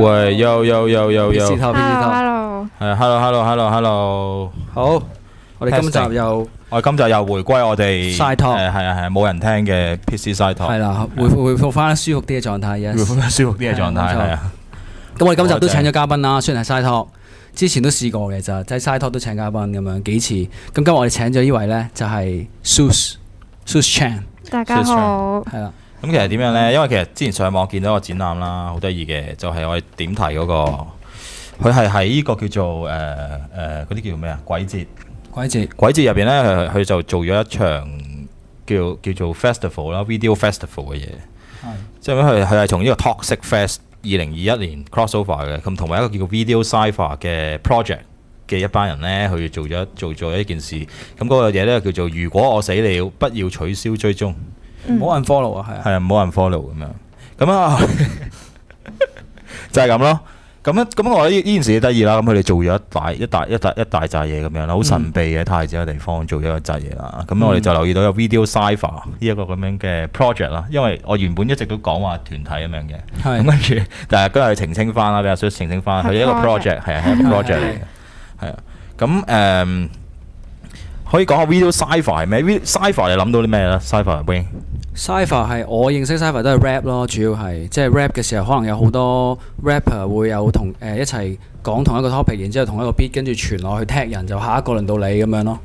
喂，又又又又又，Hello，係，Hello，Hello，Hello，Hello，好，我哋今集又，我哋今集又回歸我哋，SideTalk，係啊係啊，冇人聽嘅，Pizzy SideTalk，係啦，回回復翻舒服啲嘅狀態，回復翻舒服啲嘅狀態係啊，咁我哋今集都請咗嘉賓啦，雖然係 SideTalk，之前都試過嘅咋，即係 SideTalk 都請嘉賓咁樣幾次，咁今日我哋請咗呢位咧就係 Suze Chan，大家好，係啊。咁其實點樣呢？因為其實之前上網見到個展覽啦，好得意嘅，就係、是、我哋點題嗰、那個，佢係喺呢個叫做誒誒嗰啲叫做咩啊？鬼節，鬼節，鬼節入邊呢，佢就做咗一場叫叫做 Festival 啦，Video Festival 嘅嘢。的即係佢佢係從呢個 Toxic Fest 二零二一年 crossover 嘅，咁同埋一個叫做 Video Cypher 嘅 project 嘅一班人呢，去做咗做咗一件事。咁、那、嗰個嘢呢，叫做如果我死了，不要取消追蹤。嗯冇人 follow 啊，係啊，係啊，唔好 unfollow 咁樣，咁啊，就係咁咯。咁咁我依件事得意啦，咁佢哋做咗一大一大一大一大扎嘢咁樣啦，好神秘嘅太子嘅地方做咗一紮嘢啦。咁我哋就留意到有 Video Cypher 呢一個咁樣嘅 project 啦，因為我原本一直都講話團體咁樣嘅，咁跟住，但係佢又澄清翻啦，俾 Suze 澄清翻，佢一個 project，係啊係 project 嚟嘅，係啊。咁誒，可以講下 Video Cypher 係咩？Video Cypher 你諗到啲咩咧？Cypher Cypher 係我認識 Cypher 都係 rap 咯，主要係即係 rap 嘅時候，可能有好多 rapper 會有同誒、呃、一齊講同一個 topic，然之後同一個 beat 跟住傳落去踢人，就下一個輪到你咁樣咯。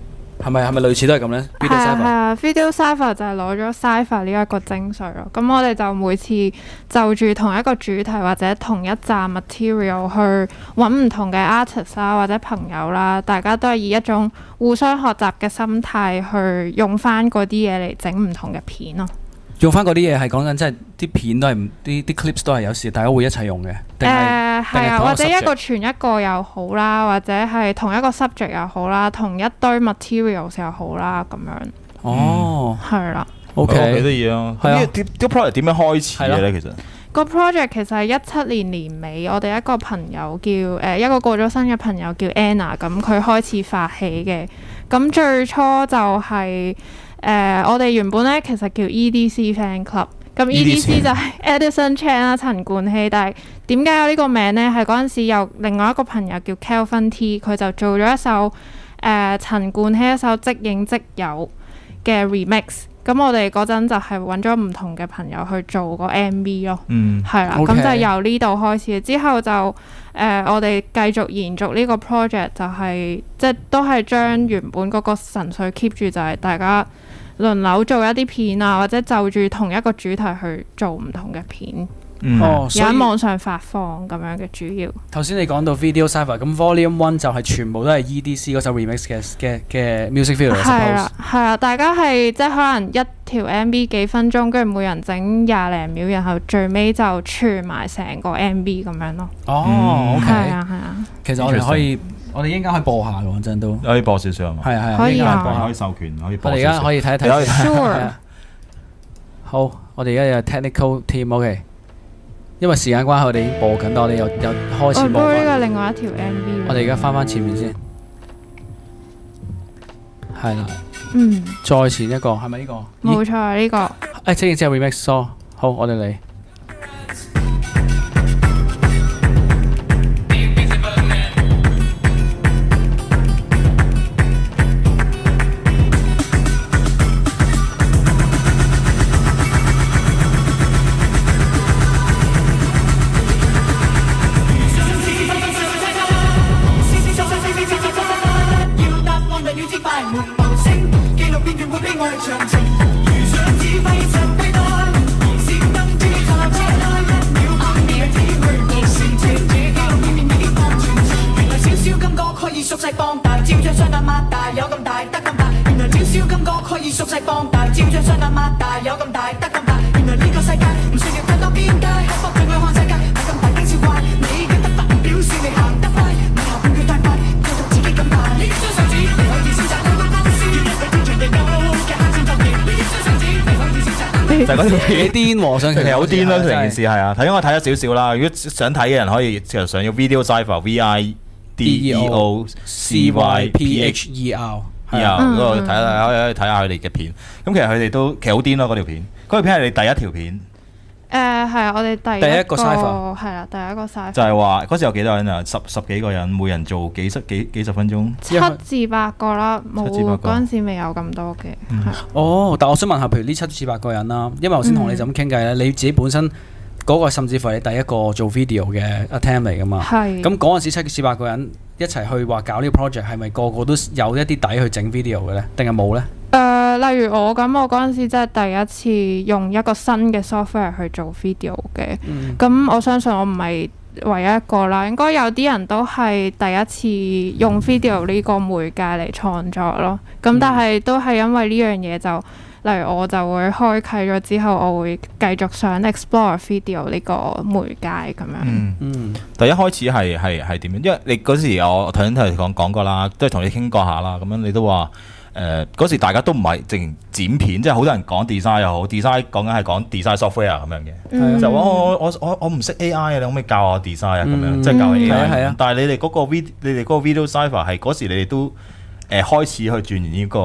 係咪係咪類似都係咁咧？Video Cypher？係啊，啊，Video Cypher 就係攞咗 Cypher 呢一個精髓咯。咁我哋就每次就住同一個主題或者同一紮 material 去揾唔同嘅 artists 啦，或者朋友啦，大家都係以一種互相學習嘅心態去用翻嗰啲嘢嚟整唔同嘅片咯。用翻嗰啲嘢係講緊，真係啲片都係唔啲啲 clips 都係有時大家會一齊用嘅。誒係、呃、啊，或者一個傳一個又好啦，或者係同一個 subject 又好啦，同一堆 materials 又好啦咁樣。哦，係啦。O K 幾多嘢啊？係、哦、啊。啲 project 點樣開始嘅咧？啊這個、其實個 project 其實係一七年年尾，我哋一個朋友叫誒、呃、一個過咗身嘅朋友叫 Anna，咁佢開始發起嘅。咁最初就係、是。誒、呃，我哋原本咧其實叫 EDC Fan Club，咁 EDC 就係 Edison Chan 啦，陳冠希。但係點解有呢個名咧？係嗰陣時有另外一個朋友叫 Kelvin T，佢就做咗一首誒、呃、陳冠希一首《即影即有》嘅 remix。咁我哋嗰陣就係揾咗唔同嘅朋友去做個 MV 咯。嗯，係啦。咁 okay. 就由呢度開始，之後就誒、呃、我哋繼續延續呢個 project，就係、是、即都係將原本嗰個神髓 keep 住，就係、是、大家。輪流做一啲片啊，或者就住同一個主題去做唔同嘅片，mm hmm. 哦，喺網上發放咁樣嘅主要。頭先你講到 Video Cypher，咁 Volume One 就係全部都係 EDC 嗰首 remix 嘅嘅 music video。係啊係啊，大家係即係可能一條 MV 幾分鐘，跟住每人整廿零秒，然後最尾就串埋成個 MV 咁樣咯。哦、mm hmm.，OK，係啊係啊，啊啊其實我哋可以。我哋應該可以播下，講真都可以播少少係嘛？係啊係啊，英家播可以授權，可以播少少。我哋而家可以睇一睇。Sure。好，我哋而家有 technical team，OK。因為時間關係，我哋已經播緊但，我哋又又開始播。播呢個另外一條 MV。我哋而家翻翻前面先。係啦。嗯。再前一個係咪呢個？冇錯，呢個。誒，即係即係 remix song。好，我哋嚟。其實好癲咯，成件事係啊，睇因為睇咗少少啦。如果，如果想睇嘅人可以，其實上要 Video Cypher v i d e o c y p h e r，係啊、e 嗯，嗰個睇睇可以睇下佢哋嘅片。咁其實佢哋都其實好癲咯，嗰條片，嗰條片係你第一條片。誒係啊，我哋第一個係啦，第一個 Cypher 就係話嗰時有幾多人啊？十十幾個人，每人做幾十幾幾十分鐘，七至八個啦，冇嗰陣時未有咁多嘅。哦，但係我想問下，譬如呢七至八個人啦，因為我先同你就咁傾偈咧，你自己本身嗰個甚至乎係第一個做 video 嘅 attempt 嚟㗎嘛？係。咁嗰陣時七至八個人一齊去話搞呢個 project，係咪個個都有一啲底去整 video 嘅咧？定係冇咧？誒、呃，例如我咁，咁我嗰陣時真係第一次用一個新嘅 software 去做 video 嘅。咁、嗯、我相信我唔係唯一一個啦，應該有啲人都係第一次用 video 呢個媒介嚟創作咯。咁、嗯、但係都係因為呢樣嘢就，例如我就會開啟咗之後，我會繼續想 explore video 呢個媒介咁樣。嗯嗯，但一開始係係係點樣？因為你嗰時我頭先同你講講,講過啦，都係同你傾過下啦，咁樣你都話。誒嗰、呃、時大家都唔係淨剪片，即係好多人講 design 又好，design 講緊係講 design software 咁樣嘅，嗯、就話我我我我唔識 AI 啊，你可唔可以教我 design 啊？咁、嗯、樣即係教 AI、嗯。係啊，啊但係你哋嗰個,個 video 你哋嗰個 Video Cypher 係嗰時你哋都誒、呃、開始去轉換呢個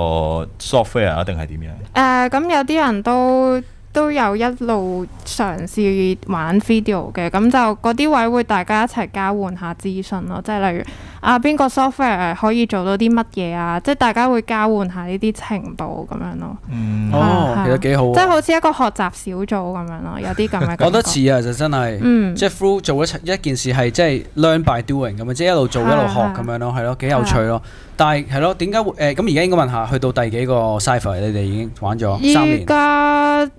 software 啊，定係點樣？誒咁、呃、有啲人都都有一路嘗試玩 video 嘅，咁就嗰啲位會大家一齊交換下資訊咯，即係例如。啊，邊個 software 可以做到啲乜嘢啊？即係大家會交換下呢啲情報咁樣咯。哦、嗯，啊、其實幾好、啊。即係好似一個學習小組咁樣咯，有啲咁嘅。 我都似啊，就真係，嗯、即係 full 做一一件事係即係 learn by doing 咁樣，即係一路做一路學咁的樣咯，係咯，幾有趣咯。的但係係咯，點解會誒？咁而家應該問下去到第幾個 cypher 你哋已經玩咗三年。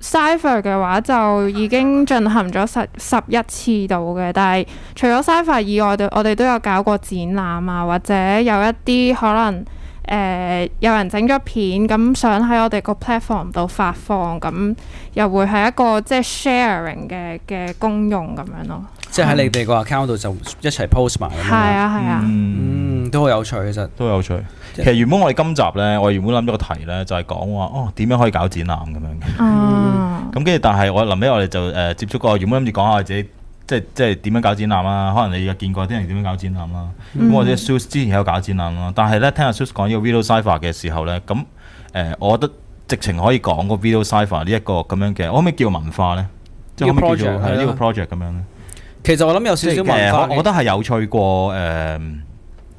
Cypher 嘅話就已經進行咗十十一次度嘅，但係除咗 Cypher 以外，我哋都有搞過展覽啊，或者有一啲可能誒、呃、有人整咗片咁想喺我哋個 platform 度發放，咁又會係一個即係 sharing 嘅嘅功用咁樣咯。即係喺你哋個 account 度就一齊 post 埋、嗯。係啊係啊。啊嗯、都好有趣，其實。都有趣。其實原本我哋今集咧，我原本諗咗個題咧，就係講話哦，點樣可以搞展覽咁樣嘅。咁跟住，嗯、但係我臨尾我哋就誒、呃、接觸過，原本諗住講下自己，即係即係點樣搞展覽啦、啊。可能你又見過啲人點樣搞展覽啦、啊。嗯。咁或者 Suze 之前有搞展覽啦、啊，但係咧聽阿 Suze 講呢個 Video Cypher 嘅時候咧，咁、嗯、誒、呃，我覺得直情可以講個 Video Cypher 呢一個咁樣嘅，我可唔可以叫文化咧？即可唔可以叫做？c 係呢個 project 咁 pro pro 樣咧？其實我諗有少少，少文化，嗯，即係我，我覺得係有趣過誒、呃，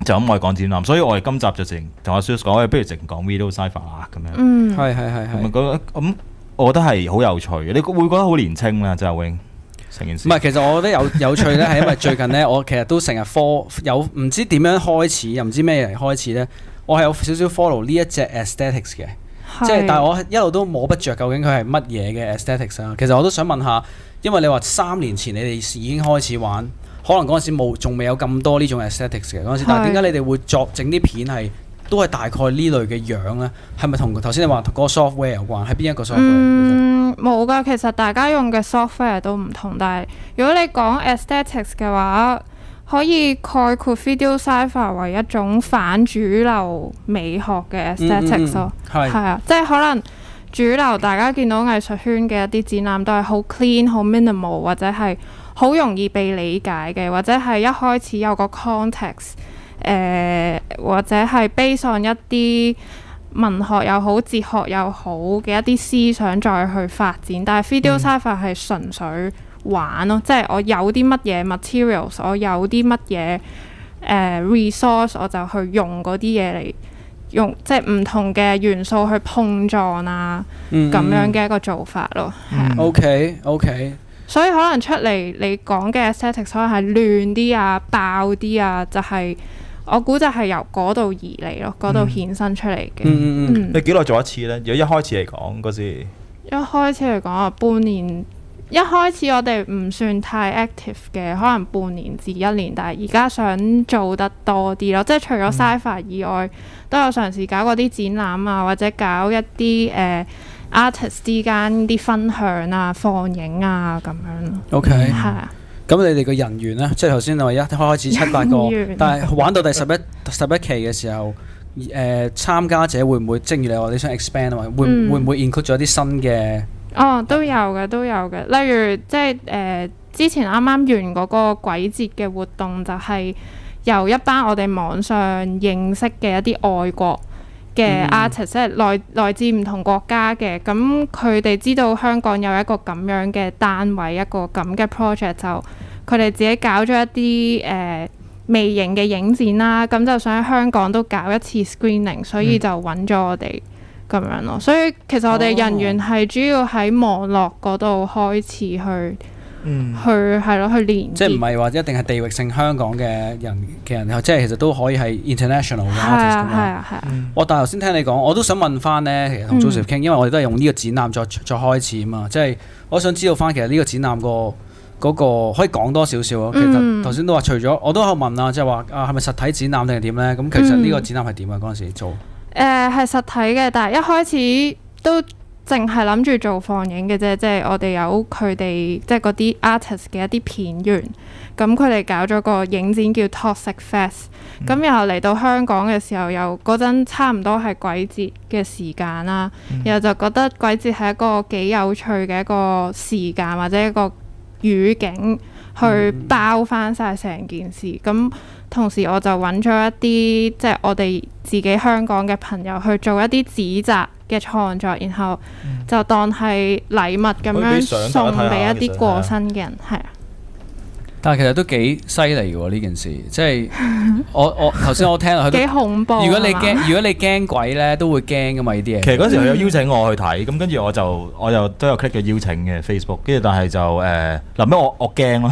就咁我講展覽，所以我哋今集就淨同阿 Suze 講，少少少不如淨講 Video Cypher 啊咁樣。嗯，嗯，係係係係咁，我覺得係好有趣。你會覺得好年輕啦，周永成件事唔係。其實我覺得有有趣咧，係因為最近咧， 我其實都成日 follow 有唔知點樣開始，又唔知咩嘢開始咧。我係有少少，少 follow 呢一隻 aesthetics 嘅。即係，是但係我一路都摸不着究竟佢係乜嘢嘅 aesthetics 啊。其實我都想問下，因為你話三年前你哋已經開始玩，可能嗰陣時冇，仲未有咁多呢種 aesthetics 嘅嗰陣時。是但係點解你哋會作整啲片係都係大概類呢類嘅樣咧？係咪同頭先你話同個 software 有關？係邊一個 software？嗯，冇㗎說。其實大家用嘅 software 都唔同，但係如果你講 aesthetics 嘅話。可以概括 Video Cypher 為一種反主流美學嘅 aesthetics 咯，係啊，即係可能主流大家見到藝術圈嘅一啲展覽都係好 clean、好 minimal 或者係好容易被理解嘅，或者係一開始有個 context，誒、呃、或者係 based on 一啲文學又好、哲學又好嘅一啲思想再去發展，但係 Video Cypher 係純粹玩咯，即係我有啲乜嘢 materials，我有啲乜嘢誒、呃、resource，我就去用嗰啲嘢嚟用，即係唔同嘅元素去碰撞啊，咁、嗯、樣嘅一個做法咯。OK, OK，所以可能出嚟你講嘅 aesthetic 可能係亂啲啊，爆啲啊，就係、是、我估就係由嗰度而嚟咯，嗰度、嗯、衍生出嚟嘅。嗯嗯，你幾耐做一次呢？如果一開始嚟講嗰時，一開始嚟講啊，半年。一開始我哋唔算太 active 嘅，可能半年至一年。但係而家想做得多啲咯，即係除咗 Cypher 以外，都有嘗試搞過啲展覽啊，或者搞一啲誒、呃、artist 之間啲分享啊、放映啊咁樣。O K. 係啊。咁你哋嘅人員咧，即係頭先你話一開始七八個，人員 但係玩到第十一十一期嘅時候，誒、呃、參加者會唔會？正如你話你想 expand 啊嘛，嗯、會會唔會 include 咗啲新嘅？哦，都有嘅，都有嘅。例如，即係誒、呃，之前啱啱完嗰個鬼節嘅活動，就係、是、由一班我哋網上認識嘅一啲外國嘅 artist，即係嚟嚟自唔同國家嘅。咁佢哋知道香港有一個咁樣嘅單位，一個咁嘅 project，就佢哋自己搞咗一啲誒、呃、微型嘅影展啦。咁就想喺香港都搞一次 screening，所以就揾咗我哋。嗯咁樣咯，所以其實我哋人員係主要喺網絡嗰度開始去，哦、去係咯、嗯、去，去連即係唔係話一定係地域性香港嘅人嘅人，即係其實都可以係 international 嘅、啊。係啊係啊、嗯、我但頭先聽你講，我都想問翻咧，其實同朱 s 傾、嗯， 因為我哋都係用呢個展覽再再開始啊嘛。即係我想知道翻、那個那個，其實呢個展覽個嗰可以講多少少啊？其實頭先都話除咗我都問啊，即係話啊係咪實體展覽定係點咧？咁其實呢個展覽係點啊？嗰陣時做？誒係、呃、實體嘅，但係一開始都淨係諗住做放映嘅啫，即係我哋有佢哋即係嗰啲 artist 嘅一啲片源，咁佢哋搞咗個影展叫 Toxic Fest，咁然後嚟到香港嘅時候，又嗰陣差唔多係鬼節嘅時間啦，嗯、然後就覺得鬼節係一個幾有趣嘅一個時間或者一個語境去包翻晒成件事咁。嗯嗯同時我就揾咗一啲即係我哋自己香港嘅朋友去做一啲紙紮嘅創作，然後就當係禮物咁樣送俾一啲過身嘅人，係啊、嗯。但係其實都幾犀利喎呢件事，即係我我頭先我聽落去，幾恐怖。如果你驚、嗯、如果你驚鬼呢，都會驚噶嘛呢啲嘢。其實嗰時佢有邀請我去睇，咁跟住我就我又都有 click 嘅邀請嘅 Facebook，跟住但係就誒臨尾我我驚咯。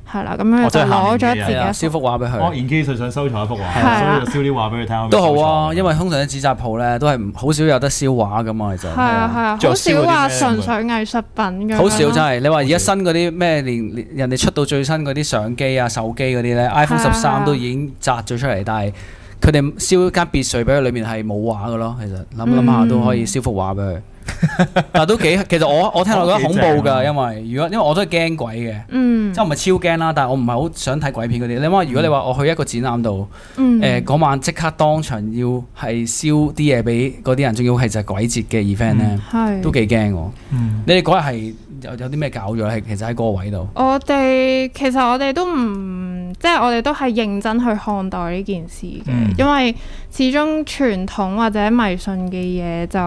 係啦，咁樣攞咗自己一幅畫俾佢。Angelique 最、哦、想收藏一幅畫，啊、所以就燒啲畫俾佢睇。有有都好啊，因為通常啲紙紮鋪咧都係好少有得燒畫噶嘛，其實。係啊係啊，好少話純粹藝術品嘅。好少真係，你話而家新嗰啲咩連人哋出到最新嗰啲相機啊、手機嗰啲咧，iPhone 十三都已經砸咗出嚟，但係佢哋燒間別墅俾佢，裏面係冇畫嘅咯。其實諗諗下都可以燒幅畫俾佢。嗯 但都幾，其實我我聽落覺得恐怖噶因為如果因為我都係驚鬼嘅，嗯、即係唔係超驚啦？但係我唔係好想睇鬼片嗰啲。你可、嗯，如果你話我去一個展覽度，誒嗰、嗯、呃、晚即刻當場要係燒啲嘢俾嗰啲人，仲要係就係鬼節嘅 event 咧、嗯，都幾驚我。嗯、你哋嗰日係有有啲咩搞咗？係，其實喺嗰個位度，我哋其實我哋都唔。即係我哋都係認真去看待呢件事嘅，嗯、因為始終傳統或者迷信嘅嘢，就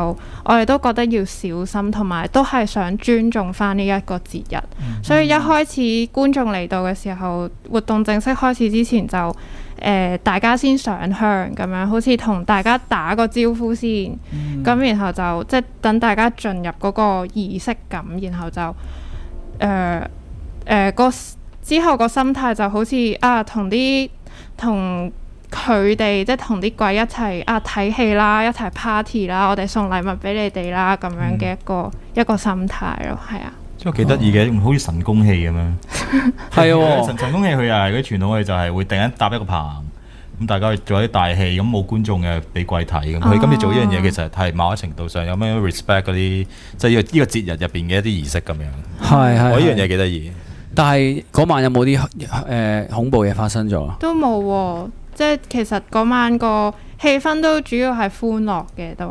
我哋都覺得要小心，同埋都係想尊重翻呢一個節日。嗯、所以一開始觀眾嚟到嘅時候，活動正式開始之前就誒、呃、大家先上香咁樣，好似同大家打個招呼先，咁、嗯、然後就即係等大家進入嗰個儀式感，然後就誒誒、呃呃嗰個之後個心態就好似啊，同啲同佢哋即係同啲鬼一齊啊睇戲啦，一齊 party 啦，我哋送禮物俾你哋啦咁樣嘅一個、嗯、一個心態咯，係啊，真係幾得意嘅，好似神功戲咁樣，係神神功戲，佢又係啲傳統嘅，就係會突然搭一個棚，咁大家去做啲大戲，咁冇觀眾嘅俾鬼睇咁。佢今次做呢樣嘢，其實係某程度上有咩 respect 嗰啲，即係呢個節日入邊嘅一啲儀式咁、嗯、樣。係係，我呢樣嘢幾得意。但係嗰晚有冇啲誒恐怖嘢發生咗啊？都冇、哦，即係其實嗰晚個氣氛都主要係歡樂嘅都。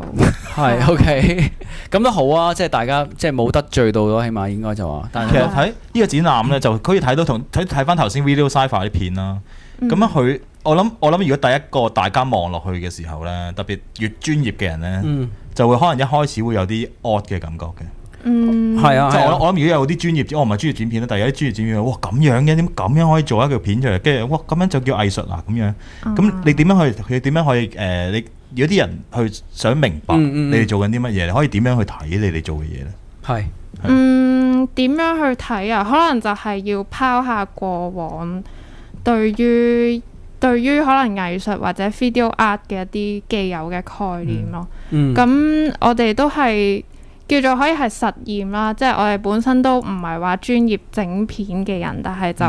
係，OK，咁都好啊！即係大家即係冇得罪到咯，起碼應該就話。但係其實睇呢個展覽咧，嗯、就可以睇到同睇睇翻頭先 Video Cypher 啲片啦。咁樣佢，我諗我諗如果第一個大家望落去嘅時候咧，特別越專業嘅人咧，嗯、就會可能一開始會有啲 odd 嘅感覺嘅。嗯，係啊，即係我我諗如果有啲專業，我唔係專業剪片啦，但係有啲專業剪片，哇咁樣嘅，點咁樣可以做一個片出嚟？跟住哇咁樣就叫藝術啦？咁樣，咁、嗯、你點樣去？佢點樣去？可以？誒、呃，你有啲人去想明白、嗯、你哋做緊啲乜嘢，你可以點樣去睇你哋做嘅嘢咧？係是，嗎嗯，點樣去睇啊？可能就係要拋下過往對於對於可能藝術或者 video art 嘅一啲既有嘅概念咯、嗯。嗯，咁我哋都係。叫做可以係實驗啦，即係我哋本身都唔係話專業整片嘅人，但係就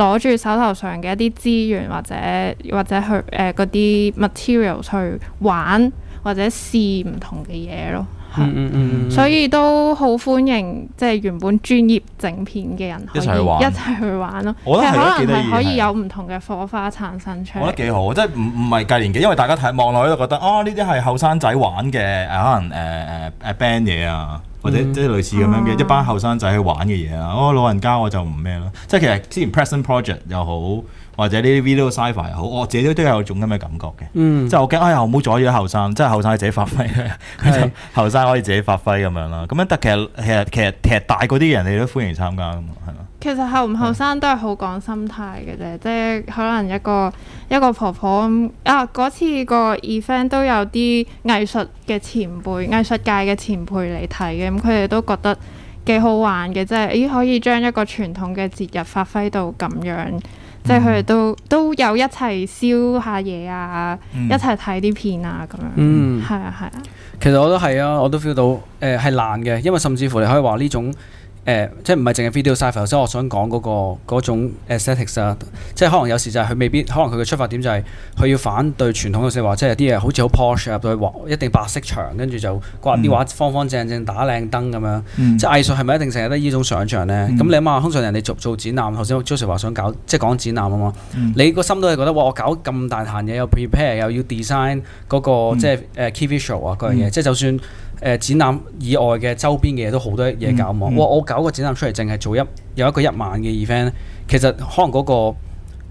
攞住手頭上嘅一啲資源或者或者去誒嗰啲 material 去玩或者試唔同嘅嘢咯。嗯嗯嗯，mm hmm. 所以都好歡迎即係、就是、原本專業整片嘅人可以一齊玩一齊去玩咯。其實可能係可以有唔同嘅火花產生出。我覺得幾好，即係唔唔係計年紀，因為大家睇望落去都覺得啊，呢啲係後生仔玩嘅誒，可能誒誒誒 band 嘢啊，或者即係類似咁樣嘅一班後生仔去玩嘅嘢啊。我、呃、老人家我就唔咩咯。即係其實之前 Present Project 又好。或者呢啲 Video Cypher 又好，我、哦、自己都有種咁嘅感覺嘅，嗯、即係我驚哎呀，唔好阻住後生，即係後生自己發揮啊！是 後生可以自己發揮咁樣啦。咁樣但其實其實其實其實大嗰啲人你都歡迎參加噶嘛，係嘛？其實後唔後生都係好講心態嘅啫，嗯、即係可能一個一個婆婆啊。嗰次個 event 都有啲藝術嘅前輩、藝術界嘅前輩嚟睇嘅，咁佢哋都覺得幾好玩嘅，即係咦可以將一個傳統嘅節日發揮到咁樣。即係佢哋都都有一齊燒一下嘢啊，嗯、一齊睇啲片啊咁樣，係啊係啊。啊其實我都係啊，我都 feel 到誒係、呃、難嘅，因為甚至乎你可以話呢種。誒、欸，即係唔係淨係 Video Cypher？頭先我想講嗰個嗰種 aesthetics 啊，即係可能有時就係佢未必，可能佢嘅出發點就係佢要反對傳統嘅說話，即係啲嘢好似好 posh 入到去一定白色牆，跟住就掛啲畫方方正正打靚燈咁樣。嗯、即係藝術係咪一定成日得呢種想像咧？咁、嗯、你諗下，通常人哋做做展覽，頭先 Joseph 話想搞，即係講展覽啊嘛。嗯、你個心都係覺得，哇！我搞咁大壇嘢，又 prepare 又要 design 嗰、那個、嗯、即係誒、uh, key visual 啊嗰樣嘢，即係就算。誒、呃、展覽以外嘅周邊嘅嘢都好多嘢搞喎，嗯嗯、哇！我搞個展覽出嚟，淨係做一有一個一晚嘅 event，其實可能嗰、嗰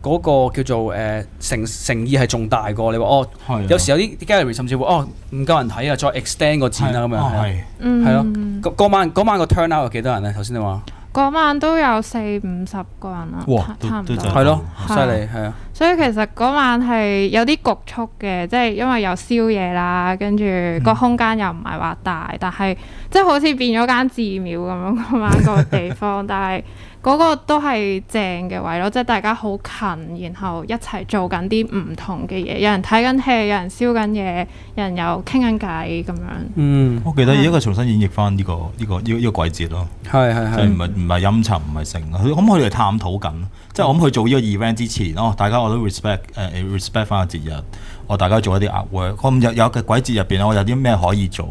個嗰個叫做誒、呃、誠誠意係仲大過你話哦。是的 有時候有啲 gallery 甚至會哦唔夠人睇啊，再 extend 個展啊咁的樣。哦、的嗯，係咯。嗰晚晚個 turn out 有幾多人咧？頭先你話。嗰晚都有四五十個人啦，哇差唔多，係咯，犀利，係啊。所以其實嗰晚係有啲局促嘅，即係因為有宵夜啦，跟住個空間又唔係話大，但係、嗯、即係好似變咗間寺廟咁樣嗰晚個地方， 但係。嗰個都係正嘅位咯，即係大家好近，然後一齊做緊啲唔同嘅嘢。有人睇緊戲，有人燒緊嘢，有人又傾緊偈咁樣。嗯，我記得而家佢重新演繹翻、呢個、呢個呢、呢個呢、呢個呢個鬼節咯。係係係，即係唔係唔係陰沉唔係成。佢咁佢嚟探討緊，嗯、即係我諗去做呢個 event 之前哦，大家我都 respect 誒、uh, respect 翻個節日。我大家做一啲 upwork，我有有個鬼節入邊我有啲咩可以做。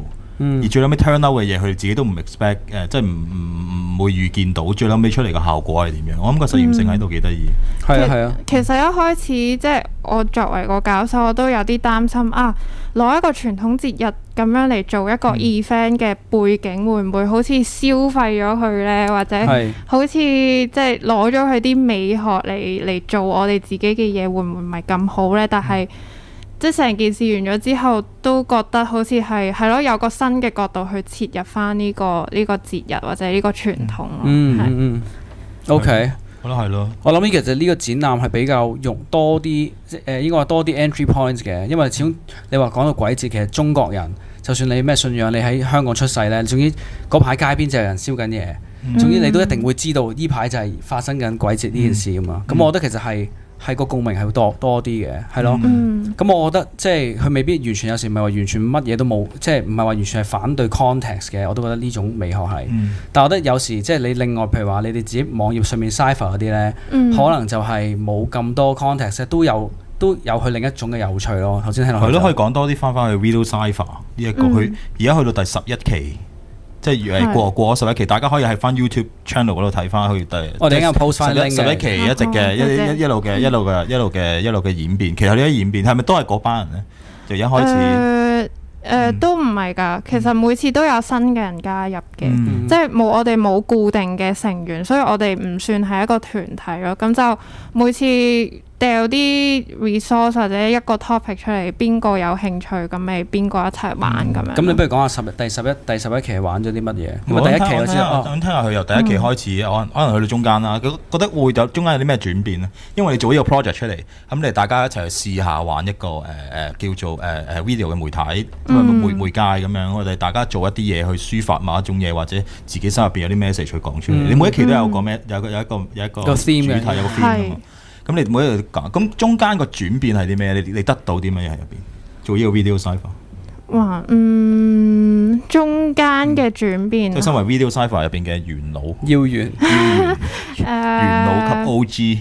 而最後尾 turn out 嘅嘢，佢哋自己都唔 expect，誒、呃，即係唔唔唔會預見到最後尾出嚟嘅效果係點樣？我諗個實驗性喺度幾得意。係、嗯、啊係啊其，其實一開始即係我作為個搞手，我都有啲擔心啊，攞一個傳統節日咁樣嚟做一個 event 嘅背景，會唔會好似消費咗佢呢？或者好似、啊就是、即係攞咗佢啲美學嚟嚟做我哋自己嘅嘢，會唔會唔係咁好呢？但係。嗯即係成件事完咗之後，都覺得好似係係咯，有個新嘅角度去切入翻、呢、呢個呢、呢個節日或者呢個傳統嗯是嗯 OK 我諗係咯。我諗其實呢個展覽係比較用多啲，即係誒應該話多啲 entry points 嘅。因為始終你話講到鬼節，其實中國人就算你咩信仰，你喺香港出世呢，總之嗰排街邊就有人燒緊嘢，嗯、總之你都一定會知道呢排就係發生緊鬼節呢件事噶嘛。咁我覺得其實係。係個共鳴係會多多啲嘅，係咯。咁、mm. 嗯、我覺得即係佢未必完全有時唔係話完全乜嘢都冇，即係唔係話完全係反對 context 嘅。我都覺得呢種美學係。Mm. 但係我覺得有時即係你另外譬如話你哋自己網頁上面 Cypher 嗰啲呢，mm. 可能就係冇咁多 context 都有都有佢另一種嘅有趣咯。頭先聽落係咯，可以講多啲翻翻去 Video Cypher 呢一、呢個，佢而家去到第十一期。即係越嚟過過十一期，的大家可以喺翻 YouTube channel 嗰度睇翻佢哋。我哋啱啱 post 翻嘅十一期一直嘅的一直一路嘅一路嘅一路嘅一路嘅演變。嗯、其實呢啲演變係咪都係嗰班人咧？就一開始誒、呃呃嗯、都唔係㗎。其實每次都有新嘅人加入嘅，嗯、即係冇我哋冇固定嘅成員，所以我哋唔算係一個團體咯。咁就每次。掟啲 resource 或者一個 topic 出嚟，邊個有興趣咁咪邊個一齊玩咁樣。咁你不如講下十第十一第十一期玩咗啲乜嘢？第一期下先啊！我想聽下佢由第一期開始，可能可能去到中間啦。佢覺得會有中間有啲咩轉變咧？因為你做呢個 project 出嚟，咁你大家一齊去試下玩一個誒誒叫做誒誒 video 嘅媒體媒媒介咁樣。我哋大家做一啲嘢去抒發某一種嘢，或者自己心入邊有啲咩事去講出嚟。你每一期都有個咩？有有一個有一個主題，有咁你每一路講，咁中間個轉變係啲咩？你你得到啲乜嘢喺入邊？做呢個 Video Cypher？哇，嗯，中間嘅轉變。嗯、身為 Video Cypher 入邊嘅元老，要，要 元，誒、呃，元老級 O.G。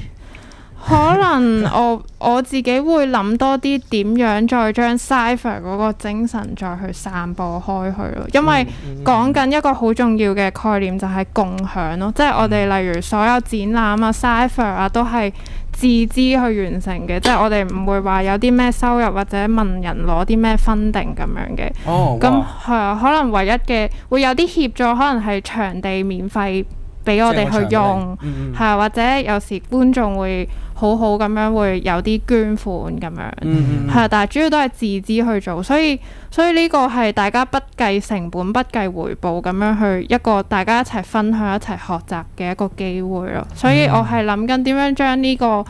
可能我我自己會諗多啲點樣再將 Cypher 嗰個精神再去散播開去咯，因為講緊一個好重要嘅概念就係共享咯，即係我哋例如所有展覽啊 Cypher 啊，都係。自資去完成嘅，即係我哋唔會話有啲咩收入或者問人攞啲咩分定咁樣嘅。哦，咁係啊，可能唯一嘅會有啲協助，可能係場地免費。俾我哋去用，係吧，或者有時觀眾會好好咁樣會有啲捐款咁樣，係、嗯，但係主要都係自資去做，所以所以呢個係大家不計成本、不計回報咁樣去一個大家一齊分享、一齊學習嘅一個機會咯。所以我係諗緊點樣將呢個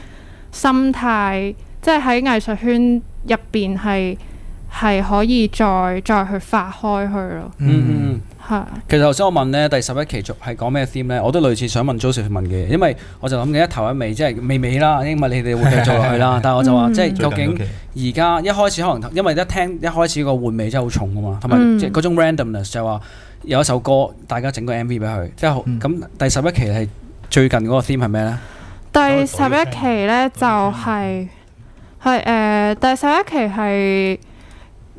心態，即係喺藝術圈入邊係係可以再再去發開去咯。嗯嗯。嗯。其實頭先我問咧第十一期係講咩 theme 咧，我都類似想問 Joey 問嘅，因為我就諗緊一頭一尾，即係尾尾啦，英文你哋會繼續落去啦。 但係我就話即係究竟而家一開始可能因為一聽一開始個換尾真係好重㗎嘛，同埋即係嗰種 randomness 就話有一首歌大家整個 MV 俾佢，嗯、即係咁、就是呃。第十一期係最近嗰個 theme 係咩咧？第十一期咧就係係誒，第十一期係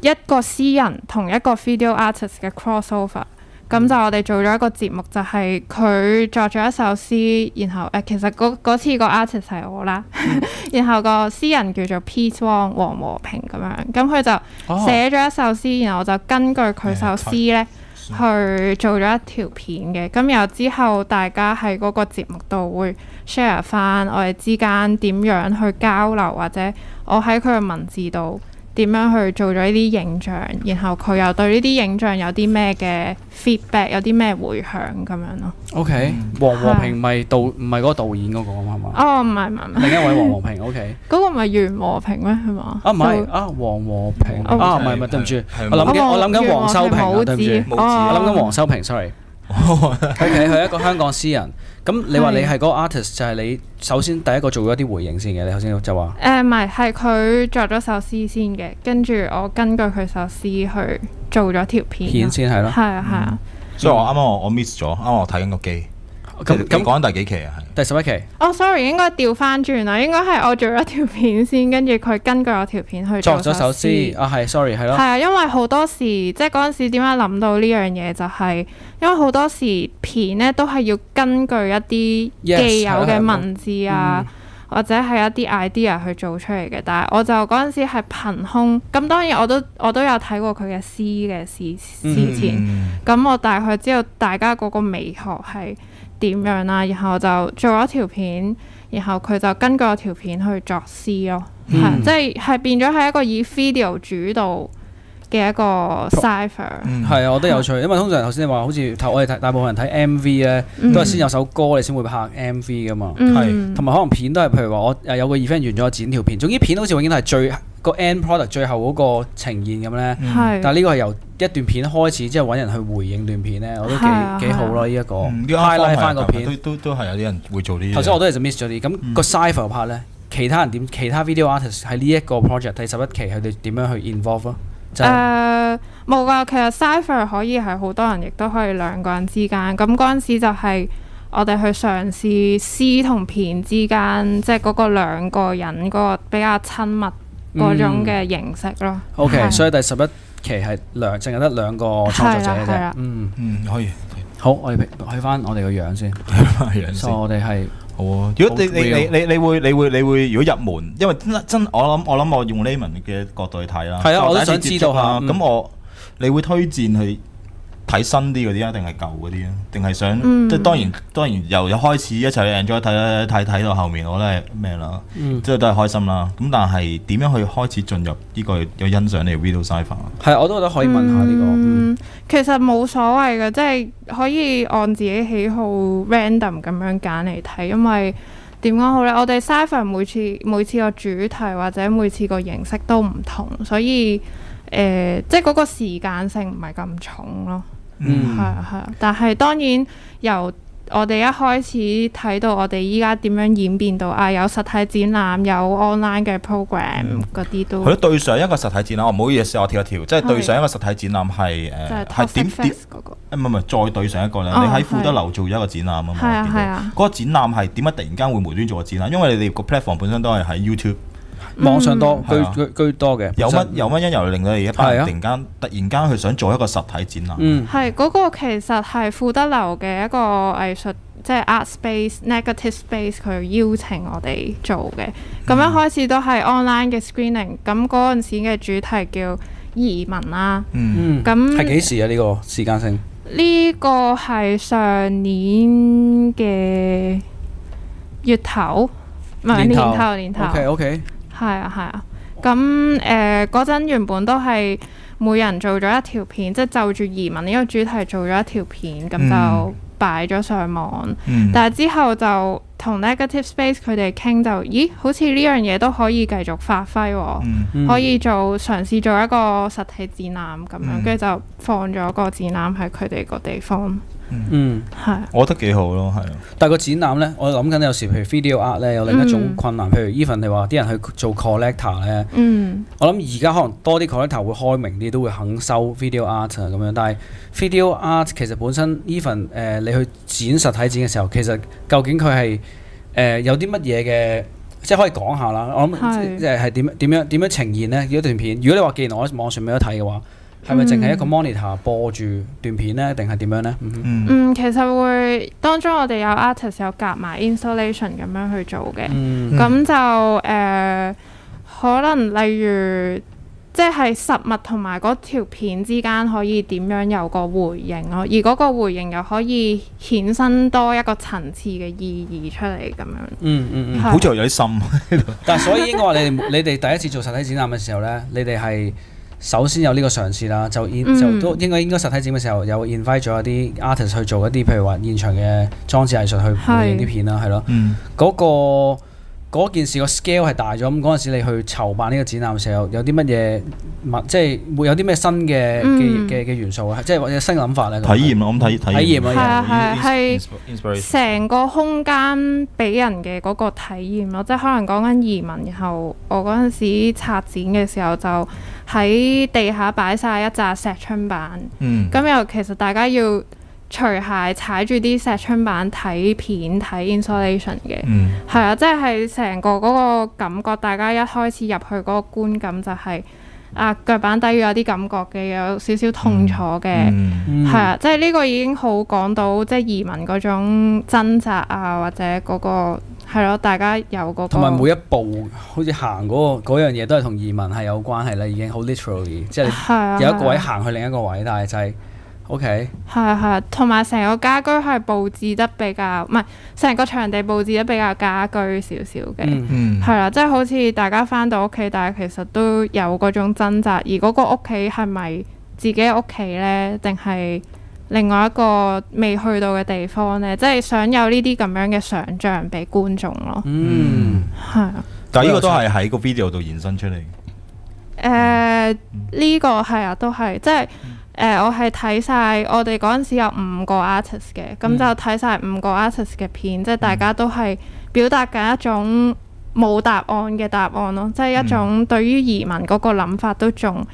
一個詩人同一個 video artist 嘅 crossover。咁就我哋做咗一個節目，就係、是、佢作咗一首詩，然後誒、呃、其實嗰次嗰個 artist 係我啦，嗯、 然後個詩人叫做 Pete Wong 黃和平咁樣，咁佢就寫咗一首詩，然後我就根據佢首詩咧、嗯、去做咗一條片嘅，咁然後之後大家喺嗰個節目度會 share 翻我哋之間點樣去交流，或者我喺佢嘅文字度。點樣去做咗呢啲影像，然後佢又對呢啲影像有啲咩嘅 feedback，有啲咩回響咁樣咯？O K，黃和平唔係導唔係嗰個導演嗰個啊嘛？哦，唔係唔係唔係，另一位黃和平，O K，嗰個唔係袁和平咩？係嘛？啊唔係啊，黃和平啊唔係唔係，對唔住，我諗緊我諗緊黃修平啊，對唔住，我諗緊黃修平，sorry，佢係一個香港詩人。咁你話你係嗰個 artist，就係、是、你首先第一個做咗啲回應先嘅，你頭、呃、先就話誒唔係，係佢作咗首詩先嘅，跟住我根據佢首詩去做咗條片片先係咯，係啊係啊，所以我啱啱我我 miss 咗，啱啱我睇緊個機。咁咁講第幾期啊？第十一期。哦、oh，sorry，應該調翻轉啦。應該係我做咗條片先，跟住佢根據我條片去做。作咗首詩首啊，係，sorry，係咯。係啊，因為好多時即係嗰陣時點解諗到呢樣嘢，就係因為好多時片咧都係要根據一啲既有嘅文字啊，yes, 或者係一啲 idea 去做出嚟嘅。嗯、但係我就嗰陣時係憑空。咁當然我都我都有睇過佢嘅詩嘅事事前。咁、嗯嗯、我大概知道大家嗰個美學係點樣啦？然後就做咗條片，然後佢就根據條片去作詩咯，係、嗯、即係變咗係一個以 video 主導嘅一個 cypher 係啊、嗯，我都有趣，因為通常頭先你話好似頭我哋大部分人睇 MV 咧，都係先有首歌你先會拍 MV 噶嘛、嗯，係同埋可能片都係，譬如話我有個 event 完咗剪條片，總之片好似永遠係最。個 end product 最後嗰個呈現咁咧，嗯、但係呢個係由一段片開始，之後揾人去回應段片咧，我都幾的幾好咯。呢一個 highlight 翻個片都都都係有啲人會做、嗯、個呢啲。頭先我都係 miss 咗啲咁個 cypher 拍咧，其他人點？其他 video artist 喺呢一個 project 第十一期佢哋點樣去 involve 咯？誒冇㗎，其實 cypher 可以係好多人，亦都可以兩個人之間咁嗰陣時就係我哋去嘗試詩同片之間，即係嗰個兩個人嗰個比較親密。嗰種嘅形式咯。OK，所以第十一期係兩，淨係得兩個創作者啫。嗯嗯，可以。好，我哋去翻我哋個樣先。去翻樣先。我哋係好啊。如果你你你你你會你會你會如果入門，因為真我諗我諗我用 layman 嘅角度去睇啦。係啊，我好想知道下。咁我你會推薦去？睇新啲嗰啲啊，定係舊嗰啲啊？定係想、嗯、即係當然當然由一開始一齊 enjoy 睇睇睇到後面，我覺得係咩啦，嗯、即係都係開心啦。咁但係點樣去開始進入呢個有欣賞你嘅 Video Cypher？係我都覺得可以問下呢個。嗯，其實冇所謂嘅，嗯、即係可以按自己喜好 random 咁樣揀嚟睇，因為點講好咧？我哋 Cypher 每次每次個主題或者每次個形式都唔同，所以誒、呃，即係嗰個時間性唔係咁重咯。嗯，係啊，係啊，但係當然由我哋一開始睇到我哋依家點樣演變到啊，有實體展覽，有 online 嘅 program 嗰啲都。佢對上一個實體展覽，我唔好意思，我跳一跳，即係對上一個實體展覽係誒，係點點？誒，唔係唔係，再對上一個咧，你喺富德樓做咗一個展覽啊嘛，係啊。嗰個展覽係點解突然間會無端做個展覽？因為你哋個 platform 本身都係喺 YouTube。網上多居居居多嘅，有乜實有乜因由令到你一班是、啊？突然間突然間佢想做一個實體展覽。嗯，係嗰，那個其實係富德樓嘅一個藝術即係 art space negative space 佢邀請我哋做嘅，咁一開始都係 online 嘅 screening，咁嗰陣時嘅主題叫移民啦。嗯，咁係幾時啊？呢，這個時間性呢個係上年嘅月頭，唔係年頭，年頭。OK OK。係啊，係啊，咁誒嗰陣原本都係每人做咗一條片，即係就住、是、移民呢個主題做咗一條片，咁、嗯、就擺咗上網。嗯、但係之後就同 Negative Space 佢哋傾，就咦，好似呢樣嘢都可以繼續發揮喎、哦，嗯嗯、可以做嘗試做一個實體展覽咁樣，跟住、嗯、就放咗個展覽喺佢哋個地方。嗯，係。我覺得幾好咯，係。但係個展覽咧，我諗緊有時譬如 video art 咧，有另一種困難。嗯、譬如 Even，你話啲人去做 collector 咧，嗯、我諗而家可能多啲 collector 會開明啲，都會肯收 video art 啊咁樣。但係 video art 其實本身 Even 誒，你去展實體展嘅時候，其實究竟佢係誒有啲乜嘢嘅？即係可以講下啦。我諗即係點點樣點樣,樣呈現呢？一段片。如果你話既然我喺網上面都睇嘅話，係咪淨係一個 monitor 播住段片咧，定係點樣咧？嗯，嗯其實會當中我哋有 artist 有夾埋 installation 咁樣去做嘅。咁、嗯、就誒、嗯呃，可能例如即係實物同埋嗰條片之間可以點樣有個回應咯，而嗰個回應又可以衍生多一個層次嘅意義出嚟咁樣。嗯嗯嗯，嗯嗯是好似有啲深。 但係所以應該話你 你哋第一次做實體展覽嘅時候咧，你哋係。首先有呢個嘗試啦，就，就應就應該該應該實體展嘅時候有 invite 咗一啲 artist 去做一啲譬如話現場嘅裝置藝術去配影啲片啦，係咯，嗰個。嗰件事個 scale 係大咗，咁嗰陣時你去籌辦呢個展覽時候，有啲乜嘢即係會有啲咩新嘅嘅嘅元素啊？即係或者新諗法咧？體驗咯，咁體體驗啊，係係係成個空間俾人嘅嗰個體驗咯，即係可能講緊移民。然後我嗰陣時策展嘅時候就喺地下擺晒一紮石春板，嗯，咁又其實大家要，除鞋踩住啲石春板睇片睇 installation 嘅，係啊、嗯，即係成個嗰個感覺，大家一開始入去嗰個觀感就係、係、啊腳板底要有啲感覺嘅，有少少痛楚嘅，係啊、嗯嗯，即係呢個已經好講到即係移民嗰種掙扎啊，或者嗰、嗰個係咯，大家有、嗰個同埋每一步好似行嗰個嗰樣嘢都係同移民係有關係啦，已經好 literally，即係有一個位行去另一個位，但係就係、係。O K，係係，同埋成個家居係佈置得比較，唔係成個場地佈置得比較家居少少嘅，係啦、嗯嗯，即係好似大家翻到屋企，但係其實都有嗰種掙扎，而嗰個屋企係咪自己屋企呢？定係另外一個未去到嘅地方呢？即係想有呢啲咁樣嘅想像俾觀眾咯。嗯，係啊，但係呢個都係喺個 video 度延伸出嚟。誒、嗯，呢、嗯嗯、個係啊，都係即係。誒、呃，我係睇晒我哋嗰陣時有五個 artist 嘅，咁就睇晒五個 artist 嘅片，Yeah. 即係大家都係表達緊一種冇答案嘅答案咯，即係一種對於移民嗰個諗法都仲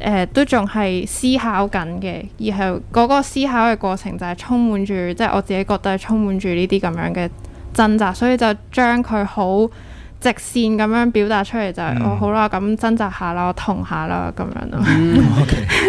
誒、呃，都仲係思考緊嘅，而係嗰個思考嘅過程就係充滿住，即、就、係、是、我自己覺得係充滿住呢啲咁樣嘅掙扎，所以就將佢好，直線咁樣表達出嚟就係、是嗯、哦，好啦，咁掙扎下啦，我痛下啦，咁樣咯。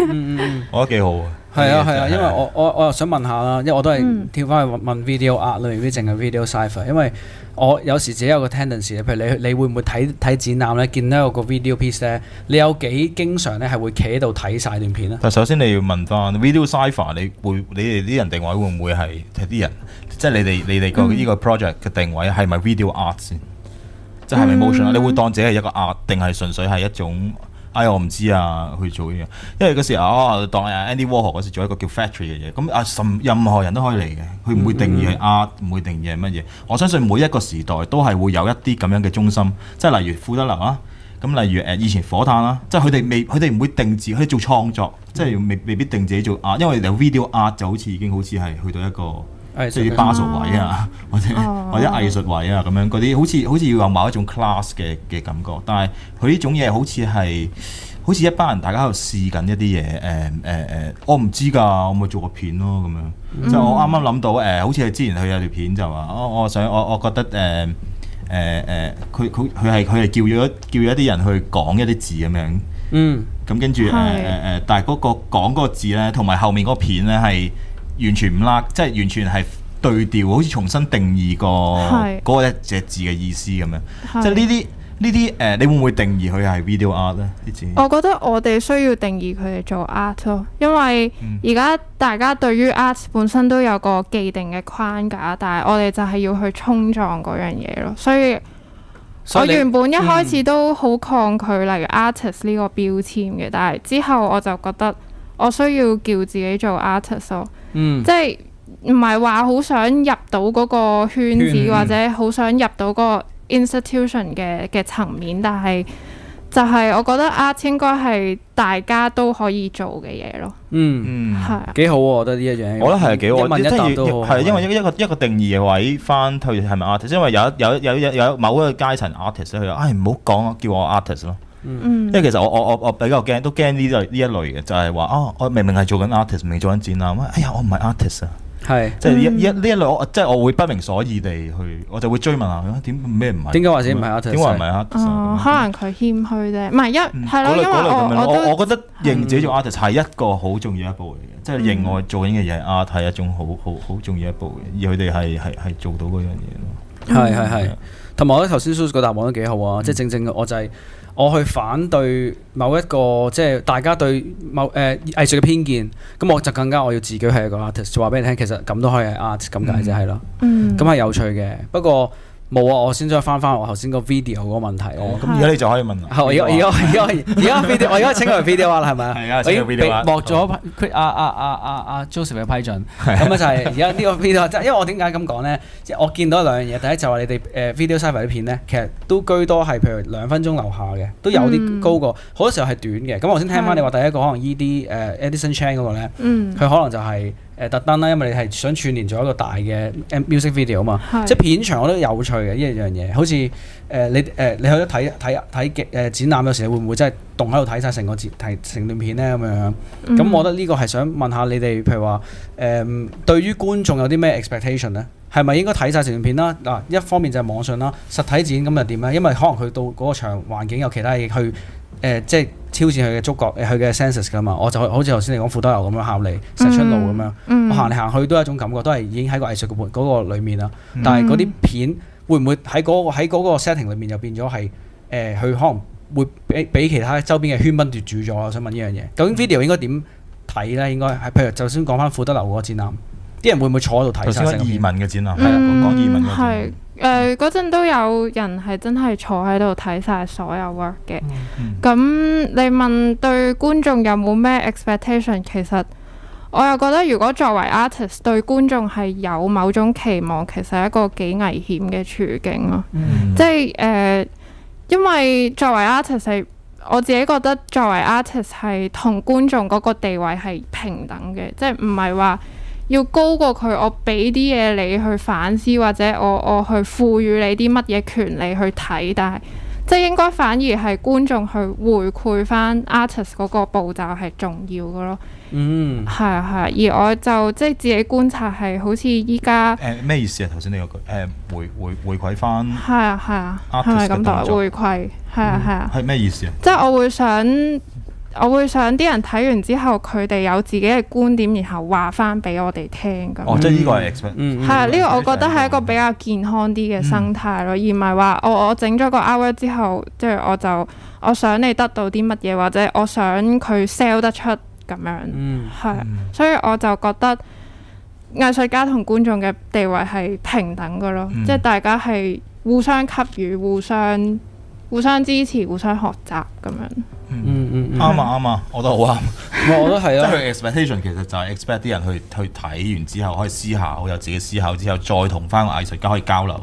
嗯、o、okay, K， 我覺得幾好啊。係啊，係啊、就是，因為我我我又想問，問下啦，因為我都係跳翻去問、嗯、問 video art 裏面，凈係 Video Cypher。因為我有時自己有個 tendency，譬如你你會唔會睇睇展覽咧，見到有個 video piece 咧，你有幾經常咧係會企喺度睇晒段片咧？但首先你要問翻 Video Cypher，你會你哋啲人定位會唔會係啲人？即、就、係、是、你哋你哋個呢個 project 嘅定位係咪 video art 先？即係咪 motion 啊？你會當自己係一個壓，定係純粹係一種？哎，我唔知啊，去做啲嘢。因為嗰時啊、哦，當 Andy Warhol 嗰時做一個叫 Factory 嘅嘢，咁啊，任何人都可以嚟嘅。佢唔會定義係壓，唔、嗯嗯、會定義係乜嘢。我相信每一個時代都係會有一啲咁樣嘅中心，即係例如富德樓啊，咁例如誒以前火炭啦，即係佢哋未，佢哋唔會定製，去做創作，即係未未必定製做壓，因為有 video 壓就好似已經好似係去到一個。即係啲巴蜀位啊，啊或者、啊、或者藝術位啊，咁樣嗰啲好似好似要有某一種 class 嘅嘅感覺，但係佢呢種嘢好似係好似一班人大家喺度試緊一啲嘢，誒誒誒，我唔知㗎，我冇做過片咯咁樣，就我啱啱諗到誒、呃，好似係之前佢有條片就話，哦，我想我我覺得誒誒誒，佢佢佢係佢係叫咗叫咗一啲人去講一啲字咁樣，嗯，咁跟住誒誒誒，呃、是但係嗰個講嗰個字咧，同埋後面嗰個片咧係。完全唔甩，即係完全係對調，好似重新定義過是個嗰一隻字嘅意思咁樣。是即係呢啲呢啲誒，你會唔會定義佢係 video art 呢？我覺得我哋需要定義佢哋做 art 咯，因為而家大家對於 art 本身都有個既定嘅框架，但係我哋就係要去衝撞嗰樣嘢咯，所以我原本一開始都好抗拒，例如 artist 呢個標籤嘅。但係之後我就覺得我需要叫自己做 artist。嗯，即係唔係話好想入到嗰個圈子，圈嗯、或者好想入到嗰個 institution 嘅嘅層面，但係就係我覺得 artist 應該係大家都可以做嘅嘢咯。嗯，係是幾好，啊，我覺得呢一樣嘢，我覺得係幾好。一問一答係因為一個嗎一個定義嘅位翻去，係咪 artist？因為有有有有，有，有某一個階層 artist 佢去，唉唔好講啊，叫我 artist 咯。嗯，因為其實我我我我比較驚，都驚呢類呢一類嘅，就係話啊，我明明係做緊 artist，未做緊展覽，哎呀，我唔係 artist 啊，係，即係呢一類，我即係我會不明所以地去，我就會追問下佢點咩唔係？點解話先唔係 artist？點解唔係 artist？可能佢謙虛啫，唔係一係因為我我覺得認自己做 artist 係一個好重要一步嚟嘅，即係認我做緊嘅嘢係 artist 係一種好好好重要一步嘅，而佢哋係係係做到嗰樣嘢咯。係係係，同埋我覺得頭先 Suze 個答案都幾好啊，即係正正我就係。我去反對某一個即係大家對某誒、呃、藝術嘅偏見，咁我就更加我要自己係一個 artist，話俾你聽，其實咁都可以係 art 咁解啫，係咯，咁係、嗯、有趣嘅，不過。冇啊！我先再翻翻我頭先個 video 個問題。我咁而家你就可以問啦。而家而家而家而家 video，我而家請佢 video 啦，係咪啊？係啊，請佢 v 咗啊啊啊啊阿 Joseph 嘅批准，咁啊就係而家呢個 video，即係因為我點解咁講咧？即係我見到兩樣嘢。第一就係你哋誒 Video Cypher 啲片咧，其實都居多係譬如兩分鐘留下嘅，都有啲高過好多時候係短嘅。咁我先聽翻你話第一個可能 Ed 誒 Edison Chan 嗰個咧，佢可能就係。誒特登啦，因為你係想串聯咗一個大嘅 music video 啊嘛，是即係片場，我覺得有趣嘅一樣嘢。好似誒、呃、你誒、呃、你去咗睇睇睇誒展覽嘅時候，會唔會真係動喺度睇晒成個節睇成段片咧咁樣？咁、嗯、我覺得呢個係想問下你哋，譬如話誒、呃、對於觀眾有啲咩 expectation 咧？係咪應該睇晒成段片啦？嗱、啊，一方面就係網上啦，實體展咁又點咧？因為可能去到嗰個場環境有其他嘢去。誒、呃、即係挑戰佢嘅觸覺，佢嘅 senses 㗎嘛，ensus，我就好似頭先你講富德樓咁樣喊你石出路咁樣，嗯嗯、我行嚟行去都係一種感覺，都係已經喺個藝術嗰個嗰個裡面啦。但係嗰啲片會唔會喺嗰、那個喺嗰個 setting 裡面又變咗係誒？佢、呃、可能會俾俾其他周邊嘅喧賓奪主咗。我想問呢樣嘢，究竟 video 應該點睇咧？應該係譬如就先講翻富德樓嗰個展覽。啲人會唔會坐喺度睇？頭先移民嘅展啊，係啦，講移民嘅展係誒嗰陣都有人係真係坐喺度睇晒所有 work 嘅。咁、嗯嗯、你問對觀眾有冇咩 expectation？其實我又覺得，如果作為 artist 對觀眾係有某種期望，其實係一個幾危險嘅處境咯。嗯、即係誒、呃，因為作為 artist 係，我自己覺得作為 artist 係同觀眾嗰個地位係平等嘅，即係唔係話。要高過佢，我俾啲嘢你去反思，或者我我去賦予你啲乜嘢權利去睇，但係即係應該反而係觀眾去回饋翻 artist 嗰個步驟係重要嘅咯。嗯、啊，係啊係啊。而我就即係自己觀察係好似依家誒咩意思啊？頭先你個句誒、呃、回回回饋翻係啊係啊，係咪噉回饋？係啊係啊。係咩、啊啊嗯、意思啊？即係我會想。我會想啲人睇完之後，佢哋有自己嘅觀點，然後話翻俾我哋聽咁。哦，即係呢個係 expect。嗯。係啊、嗯，呢、嗯、個我覺得係一個比較健康啲嘅生態咯，嗯、而唔係話我我整咗個 artwork 之後，即係我就我想你得到啲乜嘢，或者我想佢 sell 得出咁樣。嗯。係是，嗯、所以我就覺得藝術家同觀眾嘅地位係平等嘅咯，嗯、即係大家係互相給予、互相互相支持、互相學習咁樣。嗯嗯，啱啊啱啊，我都好啱，我覺得係啊。即係 expectation 其實就係 expect 啲人去去睇完之後可以思考，有自己思考之後再同翻個藝術家可以交流，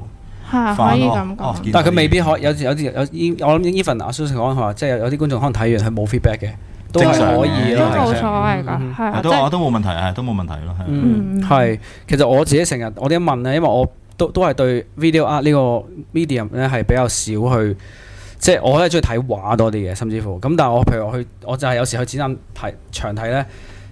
係可以咁講。但係佢未必可有有啲有依，我諗 even 阿 Suze 講嘅話，即係有啲觀眾可能睇完佢冇 feedback 嘅，都係可以啦，係。都冇錯係㗎，係。都冇問題係，都冇問題咯。係。其實我自己成日我哋一問咧，因為我都都係對 video art 呢個 medium 咧係比較少去。即係我咧中意睇畫多啲嘅，甚至乎咁。但係我譬如我去，我就係有時去展覽睇長睇咧，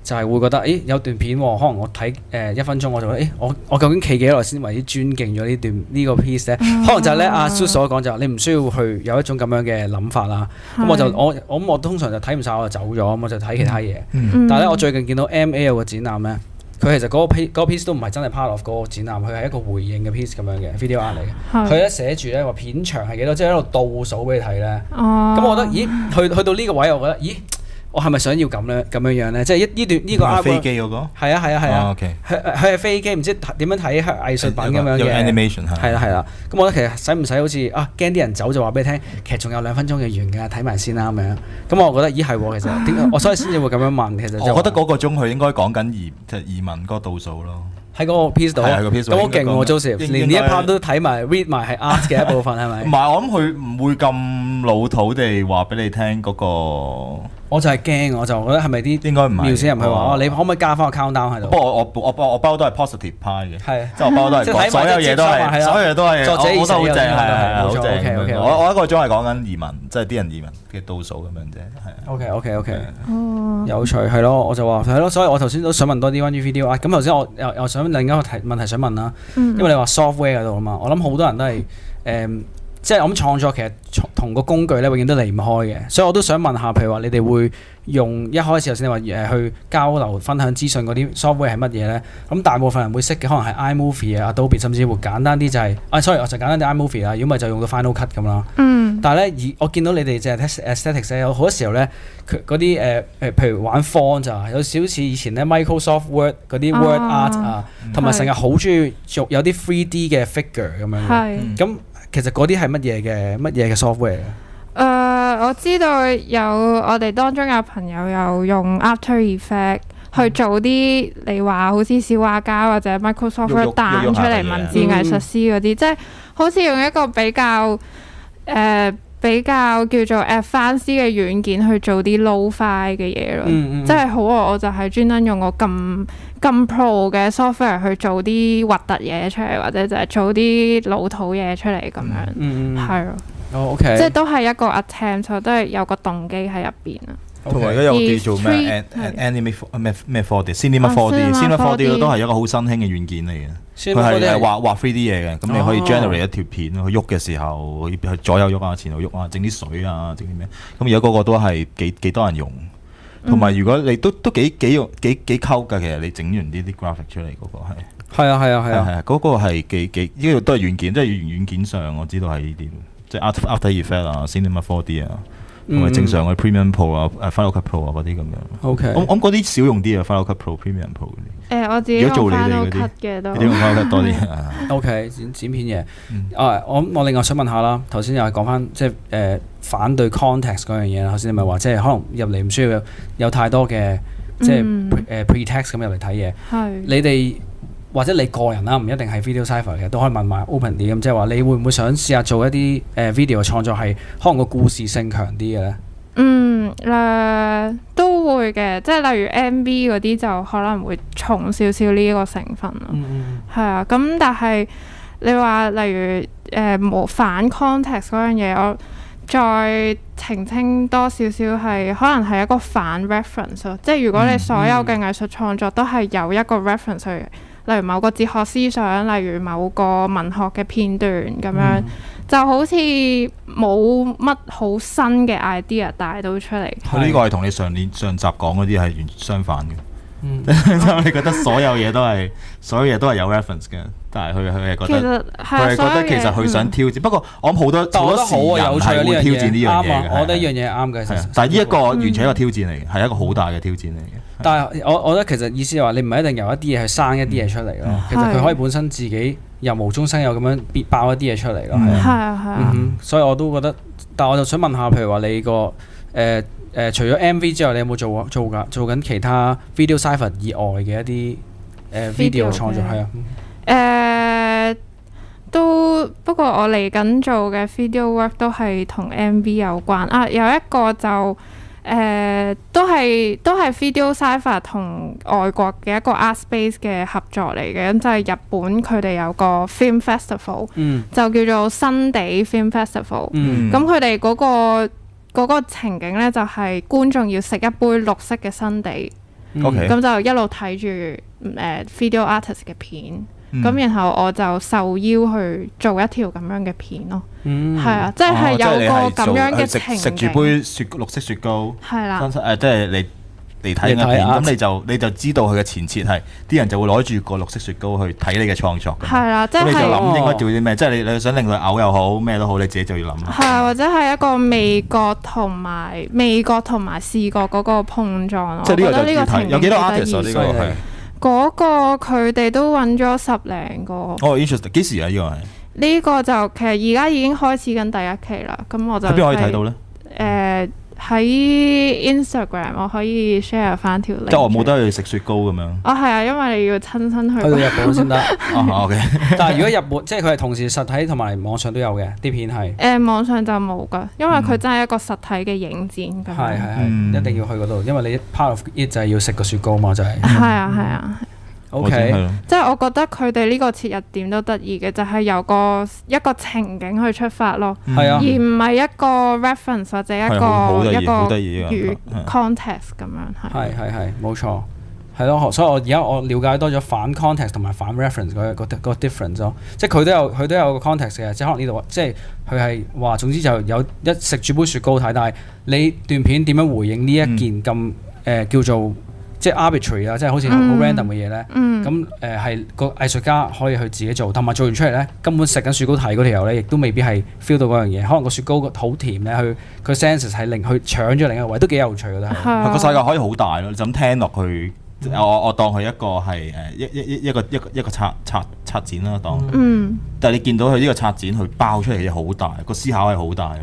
就係、是、會覺得，誒有段片喎，可能我睇誒、呃、一分鐘，我就覺得，誒我我究竟企幾耐先為之尊敬咗呢段呢、呢個 piece 咧？啊、可能就係咧、啊，阿 s,、啊、Suze 所講就係你唔需要去有一種咁樣嘅諗法啦。咁是我就我我我通常就睇唔晒，我就走咗，我就睇其他嘢。嗯嗯、但係咧，我最近見到 ML 嘅展覽咧。佢其實嗰個 piece 嗰個 piece 都唔係真係 part of 個展覽，佢係一個回應嘅 piece 咁樣嘅 video art 嚟嘅。佢咧是寫住咧話片長係幾多，即係喺度倒數俾你睇咧。咁、oh. 嗯、我覺得，咦，去去到呢個位，我覺得，咦。我係咪想要咁咧？咁樣樣咧，即係一呢段呢個啊飛機嗰個係啊係啊係啊，佢佢係飛機，唔知點樣睇藝術品咁樣嘅。有 animation 係啦係啦，咁我覺得其實使唔使好似啊驚啲人走就話俾你聽，其實仲有兩分鐘嘅完嘅，睇埋先啦咁樣。咁我覺得咦係其實點？我所以先至會咁樣問。其實我覺得嗰個鐘佢應該講緊移移民嗰個倒數咯。喺嗰個 piece 度，咁勁喎 Joseph 連呢一 part 都睇埋 read 埋係 art 嘅一部分係咪？唔係，我諗佢唔會咁老土地話俾你聽嗰個。我就係驚，我就覺得係咪啲應該唔係。苗先生唔係話，你可唔可以加翻個 countdown 喺度？不過我我我包都係 positive 派嘅，我包都係所有嘢都係，所有嘢都係。作者得好正，係啊，好正。我我一個鐘係講緊移民，即係啲人移民嘅倒數咁樣啫。OK OK OK，有趣係咯，我就話係咯，所以我頭先都想問多啲關於 video 啊。咁頭先我又又想另一個題問題想問啦，因為你話 software 喺度啊嘛，我諗好多人都係誒。即係我咁創作，其實同個工具咧永遠都離唔開嘅，所以我都想問下，譬如話你哋會用一開始頭先你話誒去交流分享資訊嗰啲 software 係乜嘢咧？咁大部分人會識嘅可能係 iMovie、就是、Adobe 甚至乎簡單啲就係啊，sorry，我就簡單啲 iMovie 啦，如果咪就用個 Final Cut 咁啦。嗯。但係咧，而我見到你哋就係睇 Aesthetic 咧，好多時候咧，佢嗰啲誒誒，譬如玩 font 就有少少似以前咧 Microsoft Word 嗰啲 Word Art 啊，同埋成日好中意做有啲 3D 嘅 figure 咁樣。咁、嗯。嗯嗯其實嗰啲係乜嘢嘅？乜嘢嘅 software 咧？誒、呃，我知道有我哋當中有朋友有用 After Effect 去做啲，嗯、你話好似小畫家或者 Microsoft 打用出嚟文字藝術師嗰啲，嗯嗯、即係好似用一個比較誒。呃比較叫做 advanced 嘅軟件去做啲 low fi 嘅嘢咯，即係、嗯嗯、好，我我就係專登用個咁咁 pro 嘅 software 去做啲核突嘢出嚟，或者就係做啲老土嘢出嚟咁樣，係咯，即係都係一個 attempt，都係有個動機喺入邊啊。同埋而家有叫做咩？Animate 咩咩 Four D，Cinema Four D，Cinema Four D 都係一個好新興嘅軟件嚟嘅。佢係畫畫 three D 嘢嘅，咁你可以 generate 一條片，佢喐嘅時候，佢左右喐啊，前後喐啊，整啲水啊，整啲咩？咁而家嗰個都係幾幾多人用，同埋如果你都都幾幾用幾幾溝㗎，其實你整完呢啲 graphic 出嚟嗰個係係啊係啊係啊，嗰個係幾幾呢個都係軟件，即係軟件上我知道係呢啲，即係 After Effect 啊，Cinema Four D 啊。同埋正常嘅 Premium Pro 啊、誒 Final Cut Pro 啊嗰啲咁樣。O K，我我嗰啲少用啲啊，Final Cut Pro、Premium Pro 嗰啲。誒、欸，我自己用 Final Cut 嘅多。你用 Final Cut 多啲。O K，剪剪片嘢。啊、嗯，oh, 我我另外想問下啦，頭先又係講翻即係誒、呃、反對 context 嗰樣嘢啦。頭先你咪話，即係可能入嚟唔需要有，有太多嘅，即係誒 pretext 咁入嚟睇嘢。係、嗯。Pre, 呃、的你哋。或者你個人啦、啊，唔一定係 Video Cypher 嘅，都可以問埋 open 啲咁，即係話你會唔會想試下做一啲誒、呃、video 嘅創作，係可能個故事性強啲嘅咧？嗯誒、呃，都會嘅，即係例如 MV 嗰啲就可能會重少少呢一點點個成分咯。嗯係、嗯、啊，咁但係你話例如誒模、呃、反 context 嗰樣嘢，我再澄清多少少係可能係一個反 reference 咯，即係如果你所有嘅藝術創作都係有一個 reference、嗯嗯、去。例如某個哲學思想，例如某個文學嘅片段咁樣，嗯、就好似冇乜好新嘅 idea 帶到出嚟。呢係個係同你上年上集講嗰啲係完全相反嘅。嗯，咁你覺得所有嘢都係，所有嘢都係有 reference 嘅，但係佢佢係覺得，佢係覺得其實佢想挑戰。不過我覺得好多好多時人係會挑戰呢樣嘢嘅。我覺得呢樣嘢啱嘅。但係呢一個完全係一個挑戰嚟嘅，係一個好大嘅挑戰嚟嘅。但係我我覺得其實意思係話，你唔係一定由一啲嘢去生一啲嘢出嚟咯。其實佢可以本身自己又無中生有咁樣變爆一啲嘢出嚟咯。係啊，係啊。嗯哼，所以我都覺得，但係我就想問下，譬如話你個誒。誒、呃，除咗 MV 之外，你有冇做啊？做㗎，做緊其他 Video Cypher 以外嘅一啲誒、呃、video, video 創作，係啊。誒，都不過我嚟緊做嘅 video work 都係同 MV 有關啊。有一個就誒、呃，都係都係 Video Cypher 同外國嘅一個 art space 嘅合作嚟嘅，咁就係、是、日本佢哋有個 film festival，、嗯、就叫做 Sundae Film Festival。咁佢哋嗰個嗰個情景咧就係、是、觀眾要食一杯綠色嘅新地，咁 Okay. 就一路睇住誒 video artist 嘅片，咁、嗯、然後我就受邀去做一條咁樣嘅片咯，係、嗯、啊，即係有個咁樣嘅情景，食住、哦、杯雪綠色雪糕，係啦的，誒、啊、即係你。嚟睇入面，咁你就你就知道佢嘅前設係啲人就會攞住個綠色雪糕去睇你嘅創作嘅。係啦，即係咁你就諗應該做啲咩？即係你你想令佢嘔又好，咩都好，你自己就要諗啦。係，或者係一個味覺同埋味覺同埋視覺嗰個碰撞咯。即係呢個就係有幾多 artist 啊？呢個係嗰個佢哋都揾咗十零個。哦，interesting！幾時啊？呢個係呢個就其實而家已經開始緊第一期啦。咁我就喺邊可以睇到咧？誒。喺 Instagram 我可以 share 翻條，即係我冇得去食雪糕咁樣。哦，係啊，因為你要親身去去日本先得。哦，OK。但係如果日本， 即係佢係同時實體同埋網上都有嘅啲片係。誒、嗯、網上就冇㗎，因為佢真係一個實體嘅影展。係係係，一定要去嗰度，因為你 part of it 就係要食個雪糕嘛，就係、係。係啊係啊。O.K.，即係我，我覺得佢哋呢個切入點都得意嘅，就係、係、有個一個情景去出發咯，嗯、而唔係一個 reference 或者一個一個 context 咁樣係。係係冇錯，係咯，所以我而家我了解多咗反 context 同埋反 reference 嘅、嗰個、嗰個 difference 咯。即係佢都有佢都有個 context 嘅，即可能呢度即係佢係話，總之就有一食住杯雪糕睇。但係你段片點樣回應呢一件咁誒、嗯呃、叫做？即係 arbitrary 啦，即係好似好 random 嘅嘢咧。咁誒係個藝術家可以去自己做，同埋做完出嚟咧，根本食緊雪糕睇嗰條友咧，亦都未必係 feel 到嗰樣嘢。可能個雪糕好甜咧，佢佢 sense 係令佢搶咗另一位，都幾有趣㗎啦。個、啊啊、世界可以好大咯，就咁聽落去，我我當佢一個係誒一一一一個一個一個拆拆拆展啦，當。嗯、但係你見到佢呢個拆展，佢爆出嚟嘢好大，個思考係好大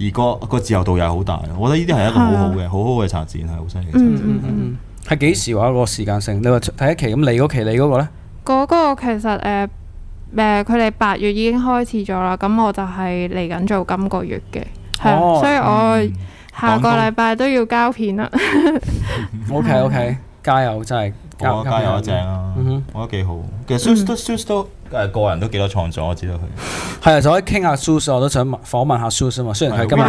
而、個自由度又好大，我覺得呢啲係一個好、啊、好嘅好好嘅拆展。係好新奇。嗯嗯嗯係幾時話個時間性？你話第一期咁，咁你嗰期你嗰個呢？嗰個其實誒誒，佢哋八月已經開始咗啦。咁我就係嚟緊做今個月嘅，係、哦、所以我下個禮拜都要交片啦。O K O K，加油！真係加 好加油一正啊，嗯、哼我覺得幾好。誒個人都幾多創作，我知道佢係啊，就可以傾下 Suze 我都想訪問下 Suze 嘛。 雖然係今日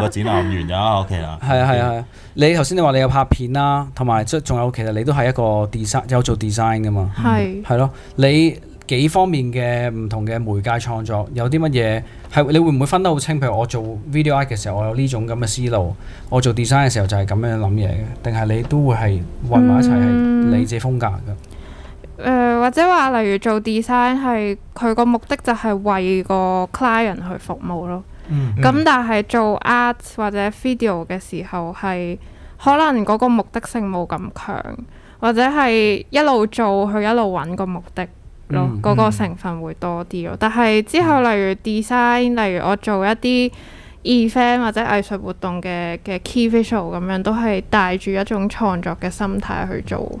個展覽完咗，O.K. 啦。係啊係啊係啊！你頭先你話你有拍片啦，同埋即仲有，其實你都係一個 design 有做 design 噶嘛。係係咯，你幾方面嘅唔同嘅媒介創作，有啲乜嘢係你會唔會分得好清？譬如我做 video art 嘅時候，我有呢種咁嘅思路；我做 design 嘅時候就係咁樣諗嘢嘅，定係你都會係混埋一齊係你嘅風格噶？誒、呃、或者話，例如做 design 係佢個目的就係為個 client 去服務咯。咁、mm hmm. 但係做 art 或者 video 嘅時候，係可能嗰個目的性冇咁強，或者係一路做佢一路揾個目的咯。嗰、mm hmm. 個成分會多啲咯。但係之後例如 design，例如我做一啲 event 或者藝術活動嘅嘅 key visual 咁樣，都係帶住一種創作嘅心態去做。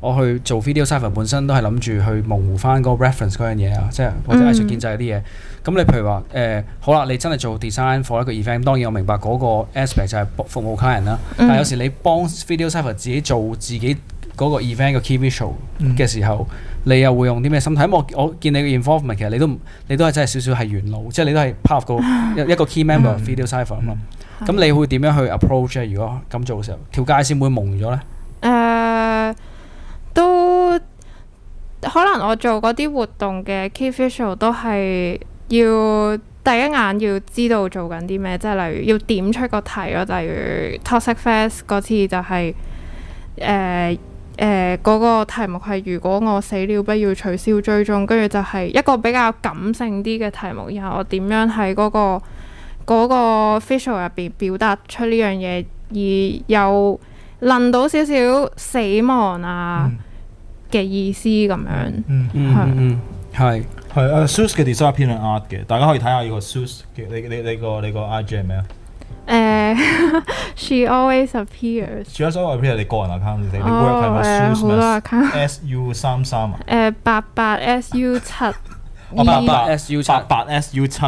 我去做 Video Cypher 本身都係諗住去模糊翻嗰個 reference 嗰樣嘢啊，即係或者藝術建製嗰啲嘢。咁、嗯、你譬如話誒、呃，好啦，你真係做 design for 一個 event，當然我明白嗰個 aspect 就係服務客人啦。但有時你幫 Video Cypher 自己做自己嗰個 event 嘅 key visual 嘅時候，嗯、你又會用啲咩心態？我我見你嘅 involvement 其實你都你都係真係少少係元老，即係你都係 part of 個一、啊、一個 key member Video Cypher 嘛。咁你會點樣去 approach 如果咁做嘅時候，條界先會蒙咗咧？誒。 都可能我做嗰啲活動嘅 key visual 都係要第一眼要知道做緊啲咩，即係例如要點出個題咯。例如 Toxic Fest 嗰次就係誒誒嗰個題目係如果我死了，不要取消追蹤，跟住就係一個比較感性啲嘅題目。然後我點樣喺嗰個嗰個 visual 入邊表達出呢樣嘢，而又論到少少死亡啊～、嗯嘅意思噉樣，嗯嗯，係，係，係。大家可以睇下呢個 Suze 嘅，你你你個你個 IG 係咩呢？誒，she always appears。主要想話 appear 你個人 account，你哋，你 work 係咪 Suze 嘅？S U 三三啊？誒，八八 S U 七，八八 S U 七，八 S U 七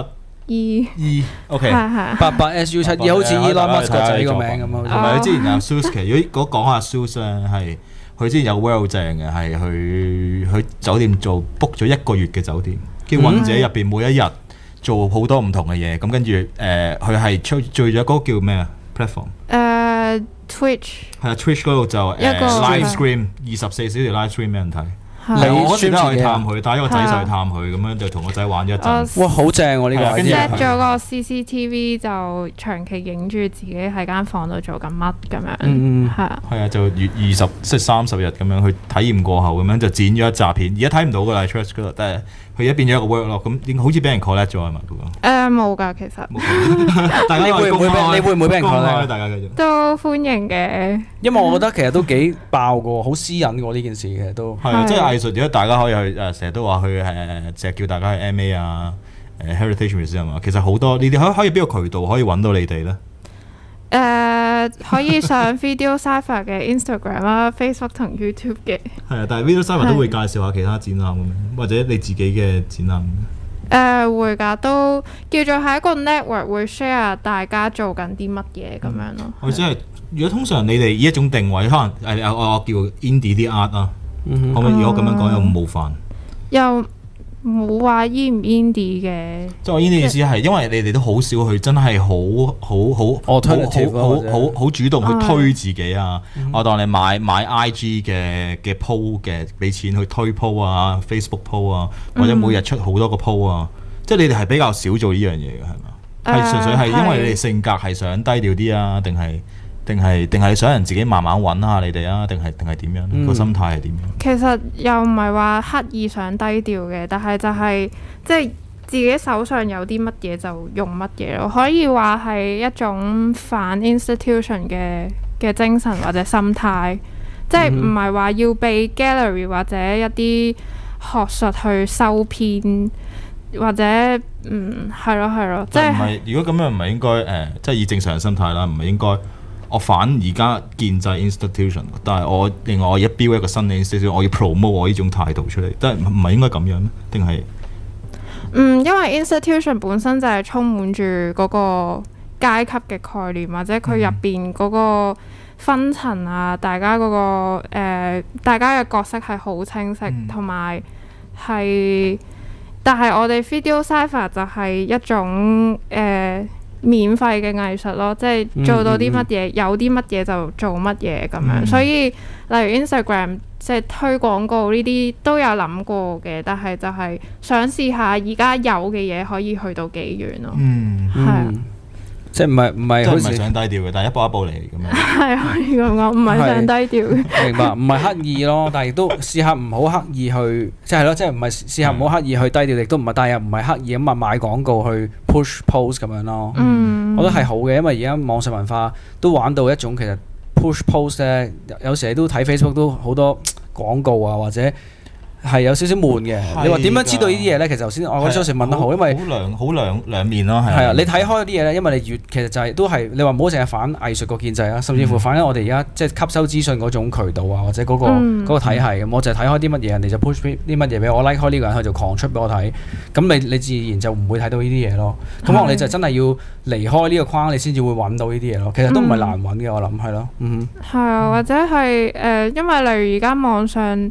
E E，OK，八八 S U 七 E。好似 Elon Musk 個仔個名噉樣。同埋佢之前嗱，Suze 嘅，如果講下 Suze 嘅，係。佢之前有 well 正嘅，係去去酒店做 book 咗一個月嘅酒店，跟住喺入邊每一日做好多唔同嘅嘢，咁跟住誒佢係 choose 做咗嗰個叫咩啊 platform？誒 Twitch 係啊 Twitch 嗰度就一個 live stream 二十四小時 live stream 俾人睇。你我選擇去探佢，帶一個仔上去探佢，咁的樣就同個仔玩一陣。哇，好正喎！呢個跟住 set 咗對知個 CCTV 就長期影住自己喺間房度做緊乜咁樣，係啊、嗯，係啊的，就月二十即係三十日咁樣去體驗過後咁樣就剪咗一集片，而家睇唔到嘅啦，出咗去但係。佢而家變咗一個 work 咯，咁點好似俾人 collect 咗係嘛？誒，冇㗎、呃，其實。 大家你會唔會俾 你會唔會俾人 collect？大家繼續。都歡迎嘅。因為我覺得其實都幾爆㗎，好 私隱㗎呢件事其實都。係啊，即係藝術，如果大家可以去誒，成日都話去誒誒，成日叫大家去 MA 啊，誒 heritage museum 啊，其實好多你哋可可以邊個渠道可以揾到你哋咧？誒。Uh, 可以上 Video Cypher 嘅 Instagram 啦、Facebook 同 YouTube 嘅。係啊， 但係 Video Cypher 都會介紹下其他展覽咁樣，的或者你自己嘅展覽咁。誒、呃、會㗎，都叫做係一個 network 會 share 大家做緊啲乜嘢咁樣咯。或者係，如果通常你哋以一種定位，可能誒我我，我叫 Indie 啲 Art 啊、嗯哼，可唔可以如果咁樣講有冇犯？有、嗯。冇話 indie 唔 indie 嘅，即係我 indie 意思係，因為你哋都好少去真係好好好 a l 好好好主動去推自己啊，嗯、哼我當你買買 IG 嘅嘅 po 嘅，俾錢去推 po 啊，Facebook po 啊，或者每日出好多個 po 啊，嗯、即係你哋係比較少做呢樣嘢嘅，係嘛？係純、uh, 粹係因為你哋性格係想低調啲啊，定係？定係定係想人自己慢慢揾下你哋啊？定係定係點樣個心態係點樣、嗯？其實又唔係話刻意想低調嘅，但係就係即係自己手上有啲乜嘢就用乜嘢咯。可以話係一種反 institution 嘅嘅精神或者心態，即係唔係話要被 gallery 或者一啲學術去收編或者嗯係咯係咯，即係、即係、如果咁樣唔係應該誒，即、呃、係、即係、以正常心態啦，唔係應該。我反而家建制 institution，但係我另外我一 build 一個新的 institution，我要 promote 我呢種態度出嚟，即係唔係應該咁樣咩？定係嗯，因為 institution 本身就係充滿住嗰個階級嘅概念，或者佢入邊嗰個分層啊，大家嗰、嗰個誒、呃，大家嘅角色係好清晰，同埋係，但係我哋 Video Cypher 就係一種誒。呃免費嘅藝術咯，即係做到啲乜嘢，嗯嗯、有啲乜嘢就做乜嘢咁樣。嗯、所以例如 Instagram 即係推廣告呢啲都有諗過嘅，但係就係想試下而家有嘅嘢可以去到幾遠咯。嗯，係、嗯、啊。即係唔係唔係，唔係想低調嘅，但係一步一步嚟咁樣。 係可以咁講，唔係想低調嘅。明白，唔係刻意咯，但係亦都試下唔好刻意去，即係咯，即係唔係試下唔好刻意去低調，亦都唔係，但係又唔係刻意咁啊買廣告去 push post 咁樣咯。嗯，我覺得係好嘅，因為而家網上文化都玩到一種其實 push post 咧，有時你都睇 Facebook 都好多廣告啊或者。係有少少悶嘅。的你話點樣知道呢啲嘢咧？其實頭先我嗰時問得好，的因為好兩好兩兩面咯，係。係啊，你睇開啲嘢咧，因為你越其實就係、是、都係你話唔好成日反藝術個建制啊，嗯、甚至乎反一我哋而家即係吸收資訊嗰種渠道啊，或者嗰、嗰個嗰、嗯、個體系咁。我就係睇開啲乜嘢人哋就 push 啲乜嘢俾我拉 i、like、開呢個人，佢就狂出俾我睇。咁你你自然就唔會睇到呢啲嘢咯。咁的可能你就真係要離開呢個框，你先至會揾到呢啲嘢咯。其實都唔係難揾嘅，嗯、我諗係咯。嗯，係啊，或者係誒，因、呃、為例如而家網上。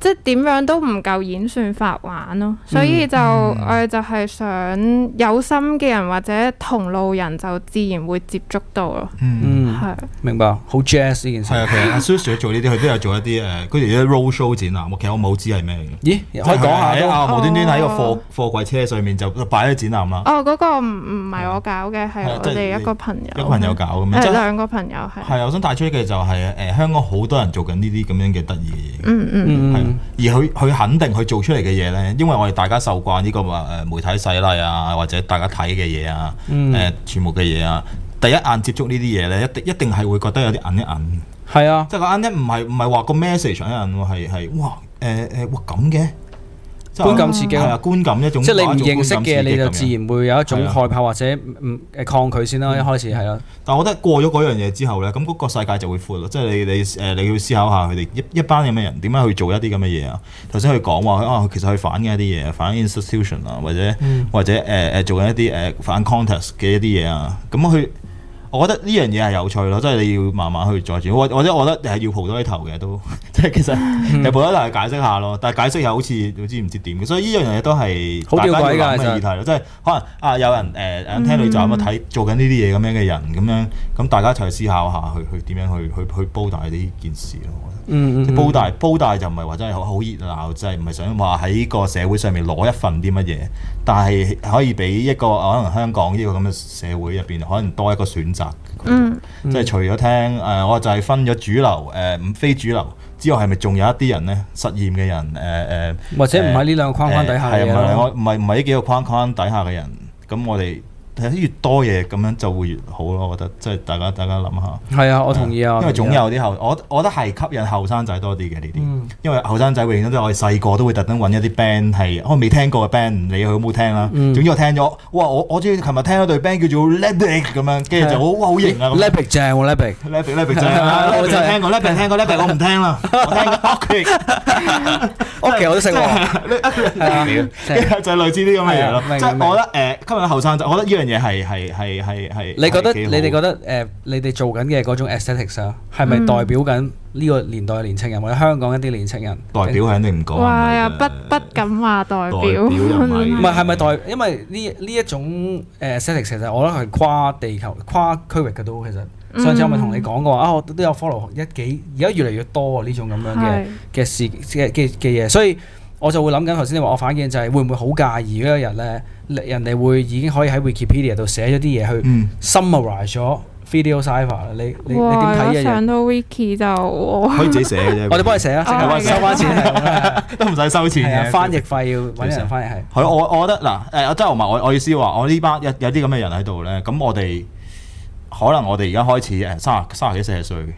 即係點樣都唔夠演算法玩咯，所以就我哋就係想有心嘅人或者同路人就自然會接觸到咯。嗯，係。明白。好 jazz 呢件事。係啊，其實阿 Suze 做呢啲佢都有做一啲誒，佢而家 road show 展覽，其實我冇知係咩。咦，可以講下啊，無端端喺個貨貨櫃車上面就擺咗展覽啦。哦，嗰個唔唔係我搞嘅，係我哋一個朋友。一個朋友搞咁樣。兩個朋友係。係我想帶出嘅就係誒，香港好多人做緊呢啲咁樣嘅得意嘅嘢。嗯嗯嗯。而佢佢肯定佢做出嚟嘅嘢咧，因為我哋大家受慣呢個誒媒體洗禮啊，或者大家睇嘅嘢啊，誒、嗯呃、全部嘅嘢啊，第一眼接觸呢啲嘢咧，一定一定係會覺得有啲硬一硬。係是啊即隱隱，即係個硬一唔係唔係話個 message 硬喎，係係哇誒誒哇咁嘅。觀感刺激係啊，觀感一種即係你唔認識嘅你就自然會有一種害怕或者唔抗拒先啦、啊。嗯、一開始係咯，啊、但係我覺得過咗嗰樣嘢之後咧，咁、那、嗰個世界就會闊咯。即係你你誒你要思考下佢哋一,一班咁嘅人點樣去做一啲咁嘅嘢啊。頭先佢講話啊，其實佢反嘅一啲嘢，反 institution 啊，或者、嗯、或者誒誒、呃、做緊一啲誒、呃、反 context 嘅一啲嘢啊。咁佢。我覺得呢樣嘢係有趣咯，即係你要慢慢去再轉。或者我我即覺得係要鋪多啲頭嘅都，即係其實你鋪多頭去解釋下咯。但係解釋又好似唔知唔知點嘅，所以呢樣嘢都係大家要諗嘅議題咯。即係可能啊，有人誒誒、呃、聽你就咁啊睇做緊呢啲嘢咁樣嘅人咁樣，咁大家一齊思考下去去點樣去去去煲大呢件事咯。嗯，啲煲大，煲大就唔係話真係好好熱鬧，就係唔係想話喺個社會上面攞一份啲乜嘢，但係可以俾一個可能香港呢個咁嘅社會入邊，可能多一個選擇。嗯，即、嗯、係除咗聽誒、呃，我就係分咗主流誒、呃，非主流之外，係咪仲有一啲人咧？實驗嘅人誒誒，呃呃、或者唔喺呢兩個框框底下嘅，係唔係唔係唔喺呢幾個框框底下嘅人？咁我哋。睇下越多嘢咁樣就會越好咯，我覺得即係大家大家諗下。係啊，我同意啊。因為總有啲後，我我覺得係吸引後生仔多啲嘅呢啲。因為後生仔永遠都係我哋細個都會特登揾一啲 band 係，我未聽過嘅 band，唔理佢好唔好聽啦，總之我聽咗，哇！我我鍾意琴日聽咗隊 band 叫做 Ledik 咁樣，跟住就好好型啊！Ledik 正喎，Ledik，Ledik，Ledik 正啊！我真係聽過，Ledik 聽過，Ledik 我唔聽啦，我聽 Okey。Okey 我都識喎，係啊，就係類似啲咁嘅嘢咯。即係我覺得誒，今日後生仔，我覺得依樣。嘢係係係係係，你覺得你哋覺得誒，你哋做緊嘅嗰種 aesthetics 啊，係咪代表緊呢個年代嘅年輕人或者香港一啲年輕人？代表係肯定唔講。哇！又不不敢話代表。唔係係咪代？因為呢呢一種誒 aesthetics 其實我覺得係跨地球跨區域嘅都其實。上次我咪同你講過啊，我都有 follow 一幾，而家越嚟越多啊呢種咁樣嘅嘅事嘅嘅嘅嘢，所以。我就會諗緊頭先你話我反見就係會唔會好介意嗰個人咧？人哋會已經可以喺 Wikipedia 度寫咗啲嘢去 summarize 咗 Video Cypher、嗯、你你點睇嘅嘢？上到 Wikipedia 可以自己寫嘅啫， 我哋幫你寫啊，收翻錢都唔使收錢啊的，翻譯費要揾人翻譯係。係的我我覺得嗱誒，即係我我意思話，我呢班有有啲咁嘅人喺度咧，咁我哋可能我哋而家開始誒三十三十幾四十歲。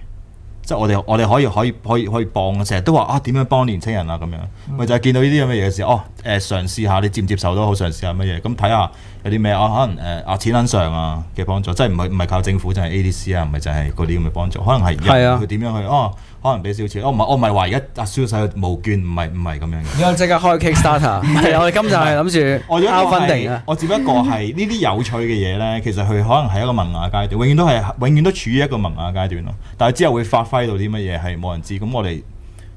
即係我哋，我哋可以，可以，可以，可以幫。成日都話啊，點樣幫年青人啊咁樣？咪、嗯、就係見到呢啲咁嘅嘢嘅時候，哦，誒、呃，嘗試下你接唔接受都好，嘗試下乜嘢。咁睇下。有啲咩啊？可能誒啊錢銀上啊嘅幫助，即係唔係唔係靠政府，即係 ADC 啊，唔係就係嗰啲咁嘅幫助，可能係人佢點樣去哦？可能俾少少錢哦，唔係我唔係話而家阿輸到曬無劵，唔係唔係咁樣嘅。即刻開 Kickstarter？唔係我哋今集係諗住我做 out funding 啊。我只不過係呢啲有趣嘅嘢咧，其實佢可能係一個萌芽階段，永遠都係永遠都處於一個萌芽階段咯。但係之後會發揮到啲乜嘢係冇人知咁，我哋。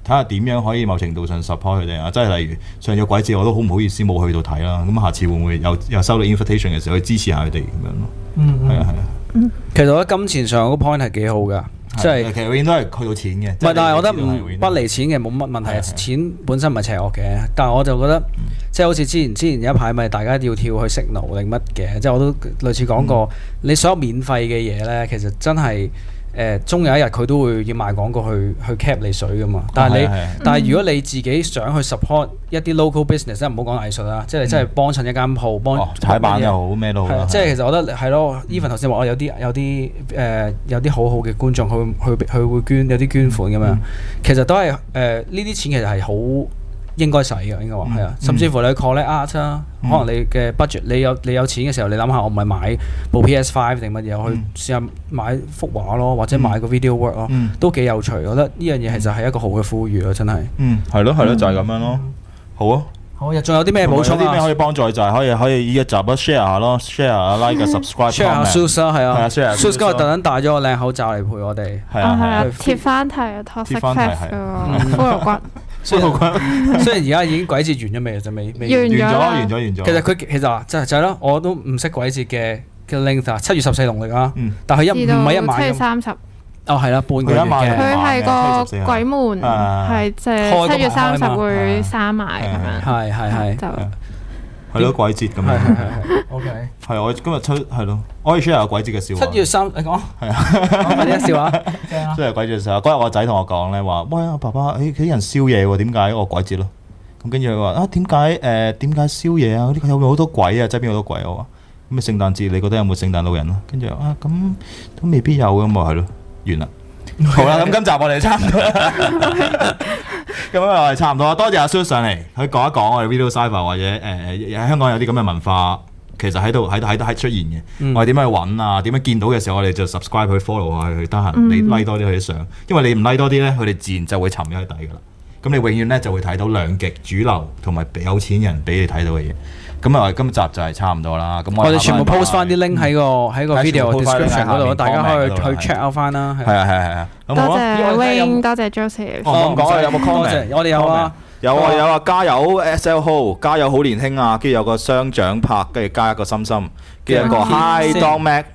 睇下點樣可以某程度上 support 佢哋啊！即係例如上有鬼節我都好唔好意思冇去到睇啦，咁下次會唔會又又收到 invitation 嘅時候去支持下佢哋咁樣咯？嗯啊係啊，其實我覺得金錢上個 point 係幾好㗎，即係的、就係、其實永遠都係去到錢嘅，唔係但係我覺得唔、不離錢嘅冇乜問題，係啊係啊錢本身唔係邪惡嘅，但係我就覺得即係、嗯、好似之前之前有一排咪大家要跳去 Signal 定乜嘅，即、就、係、是、我都類似講過，嗯、你所有免費嘅嘢咧，其實真係。誒、呃，終有一日佢都會要賣廣告去去 cap 你水噶嘛。但係你，哦啊啊、但係如果你自己想去 support 一啲 local business，唔好講藝術啦，嗯、即係真係幫襯一間鋪，幫踩、哦、板又好咩些都好。即係其實我覺得係咯 Evan 頭先話我有啲有啲誒、呃、有啲好好嘅觀眾，佢佢佢會捐有啲捐款咁樣，嗯、其實都係誒呢啲錢其實係好。應該使嘅，應該話係啊。甚至乎你 collect art 啊，可能你嘅 budget，你有你有錢嘅時候，你諗下，我唔係買部 PS Five 定乜嘢去試下買幅畫咯，或者買個 video work 咯，都幾有趣。我覺得呢樣嘢其實就係一個好嘅呼籲咯，真係。嗯，係咯係咯，就係咁樣咯。好啊，好。仲有啲咩補充？有啲咩可以幫助？就係可以可以呢一集 share 下咯，share 下 like 下 subscribe share 下 sus 咯，係啊。係啊，sus 今日特登帶咗個靚口罩嚟陪我哋。係啊係啊，貼翻題啊，Toxic Fest 嘅骷髏骨。雖然我覺得，雖然而家已經鬼節完咗未啊？就未完咗，完咗完咗。其實佢其實就就係咯，我都唔識鬼節嘅嘅 length。七月十四農曆啊，但係一唔係一晚嘅。七月三十。哦，係啦，半個月嘅。佢係個鬼門，係即係七月三十會閂埋咁樣。係係係。就。係咯鬼節咁，係係係，OK。係啊，我今日出係咯，我要 share 下個鬼節嘅笑話。七月三，你講係啊，講啲笑話。即係鬼節嘅笑話。嗰日我仔同我講咧，話喂，我爸爸，誒，啲人宵夜喎，點解我鬼節咯？咁跟住佢話啊，點解誒，點解宵夜啊？嗰啲有冇好多鬼啊？即係邊度好多鬼啊？咁啊，聖誕節你覺得有冇聖誕老人啊？跟住啊，咁都未必有咁啊，係咯，完啦。好啦，咁今集我哋差唔多啦。咁我哋差唔多多謝阿 Su 上嚟，佢講一講我哋 Video Cypher 或者誒誒、呃，香港有啲咁嘅文化，其實喺度喺度喺度喺出現嘅。嗯、我哋點樣去揾啊？點樣見到嘅時候，我哋就 subscribe 佢 follow 佢。得閒你拉、like、多啲佢啲相，因為你唔拉、like、多啲咧，佢哋自然就會沉咗喺底噶啦。咁你永遠咧就會睇到兩極主流同埋俾有錢人俾你睇到嘅嘢。咁啊，我哋今集就係差唔多啦。咁我哋全部 post 翻啲 link 喺個喺個 video description 嗰度，大家可以去 check out 翻啦。係啊係啊係啊，多謝 Ying，多謝 Joseph。我咁講啊，有冇 comment？我哋有啊，有啊有啊！加油 SL Ho，加油好年輕啊！跟住有個雙掌拍，跟住加一個心心，跟住有一個 Hi Don Mac。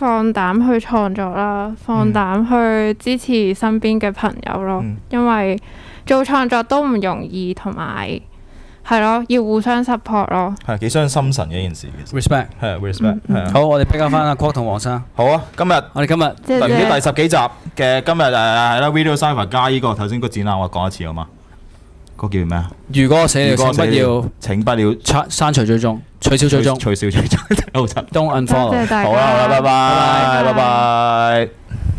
放膽去創作啦，放膽去支持身邊嘅朋友咯，嗯、因為做創作都唔容易，同埋係咯，要互相 support 咯。係幾傷心神嘅一件事。Respect 係、啊，respect 係。嗯嗯嗯、好，我哋 back 翻阿郭同黃生。好啊，今日我哋今日嚟唔知第十幾集嘅今日就係啦，Video Cypher 加呢個頭先個展覽，我講一次好嗎？嗰叫咩啊？如果我死了請不要，請不要刪除追蹤，取消追蹤取，取，取消追消 ，Don't unfollow。好啦好啦，拜拜拜拜。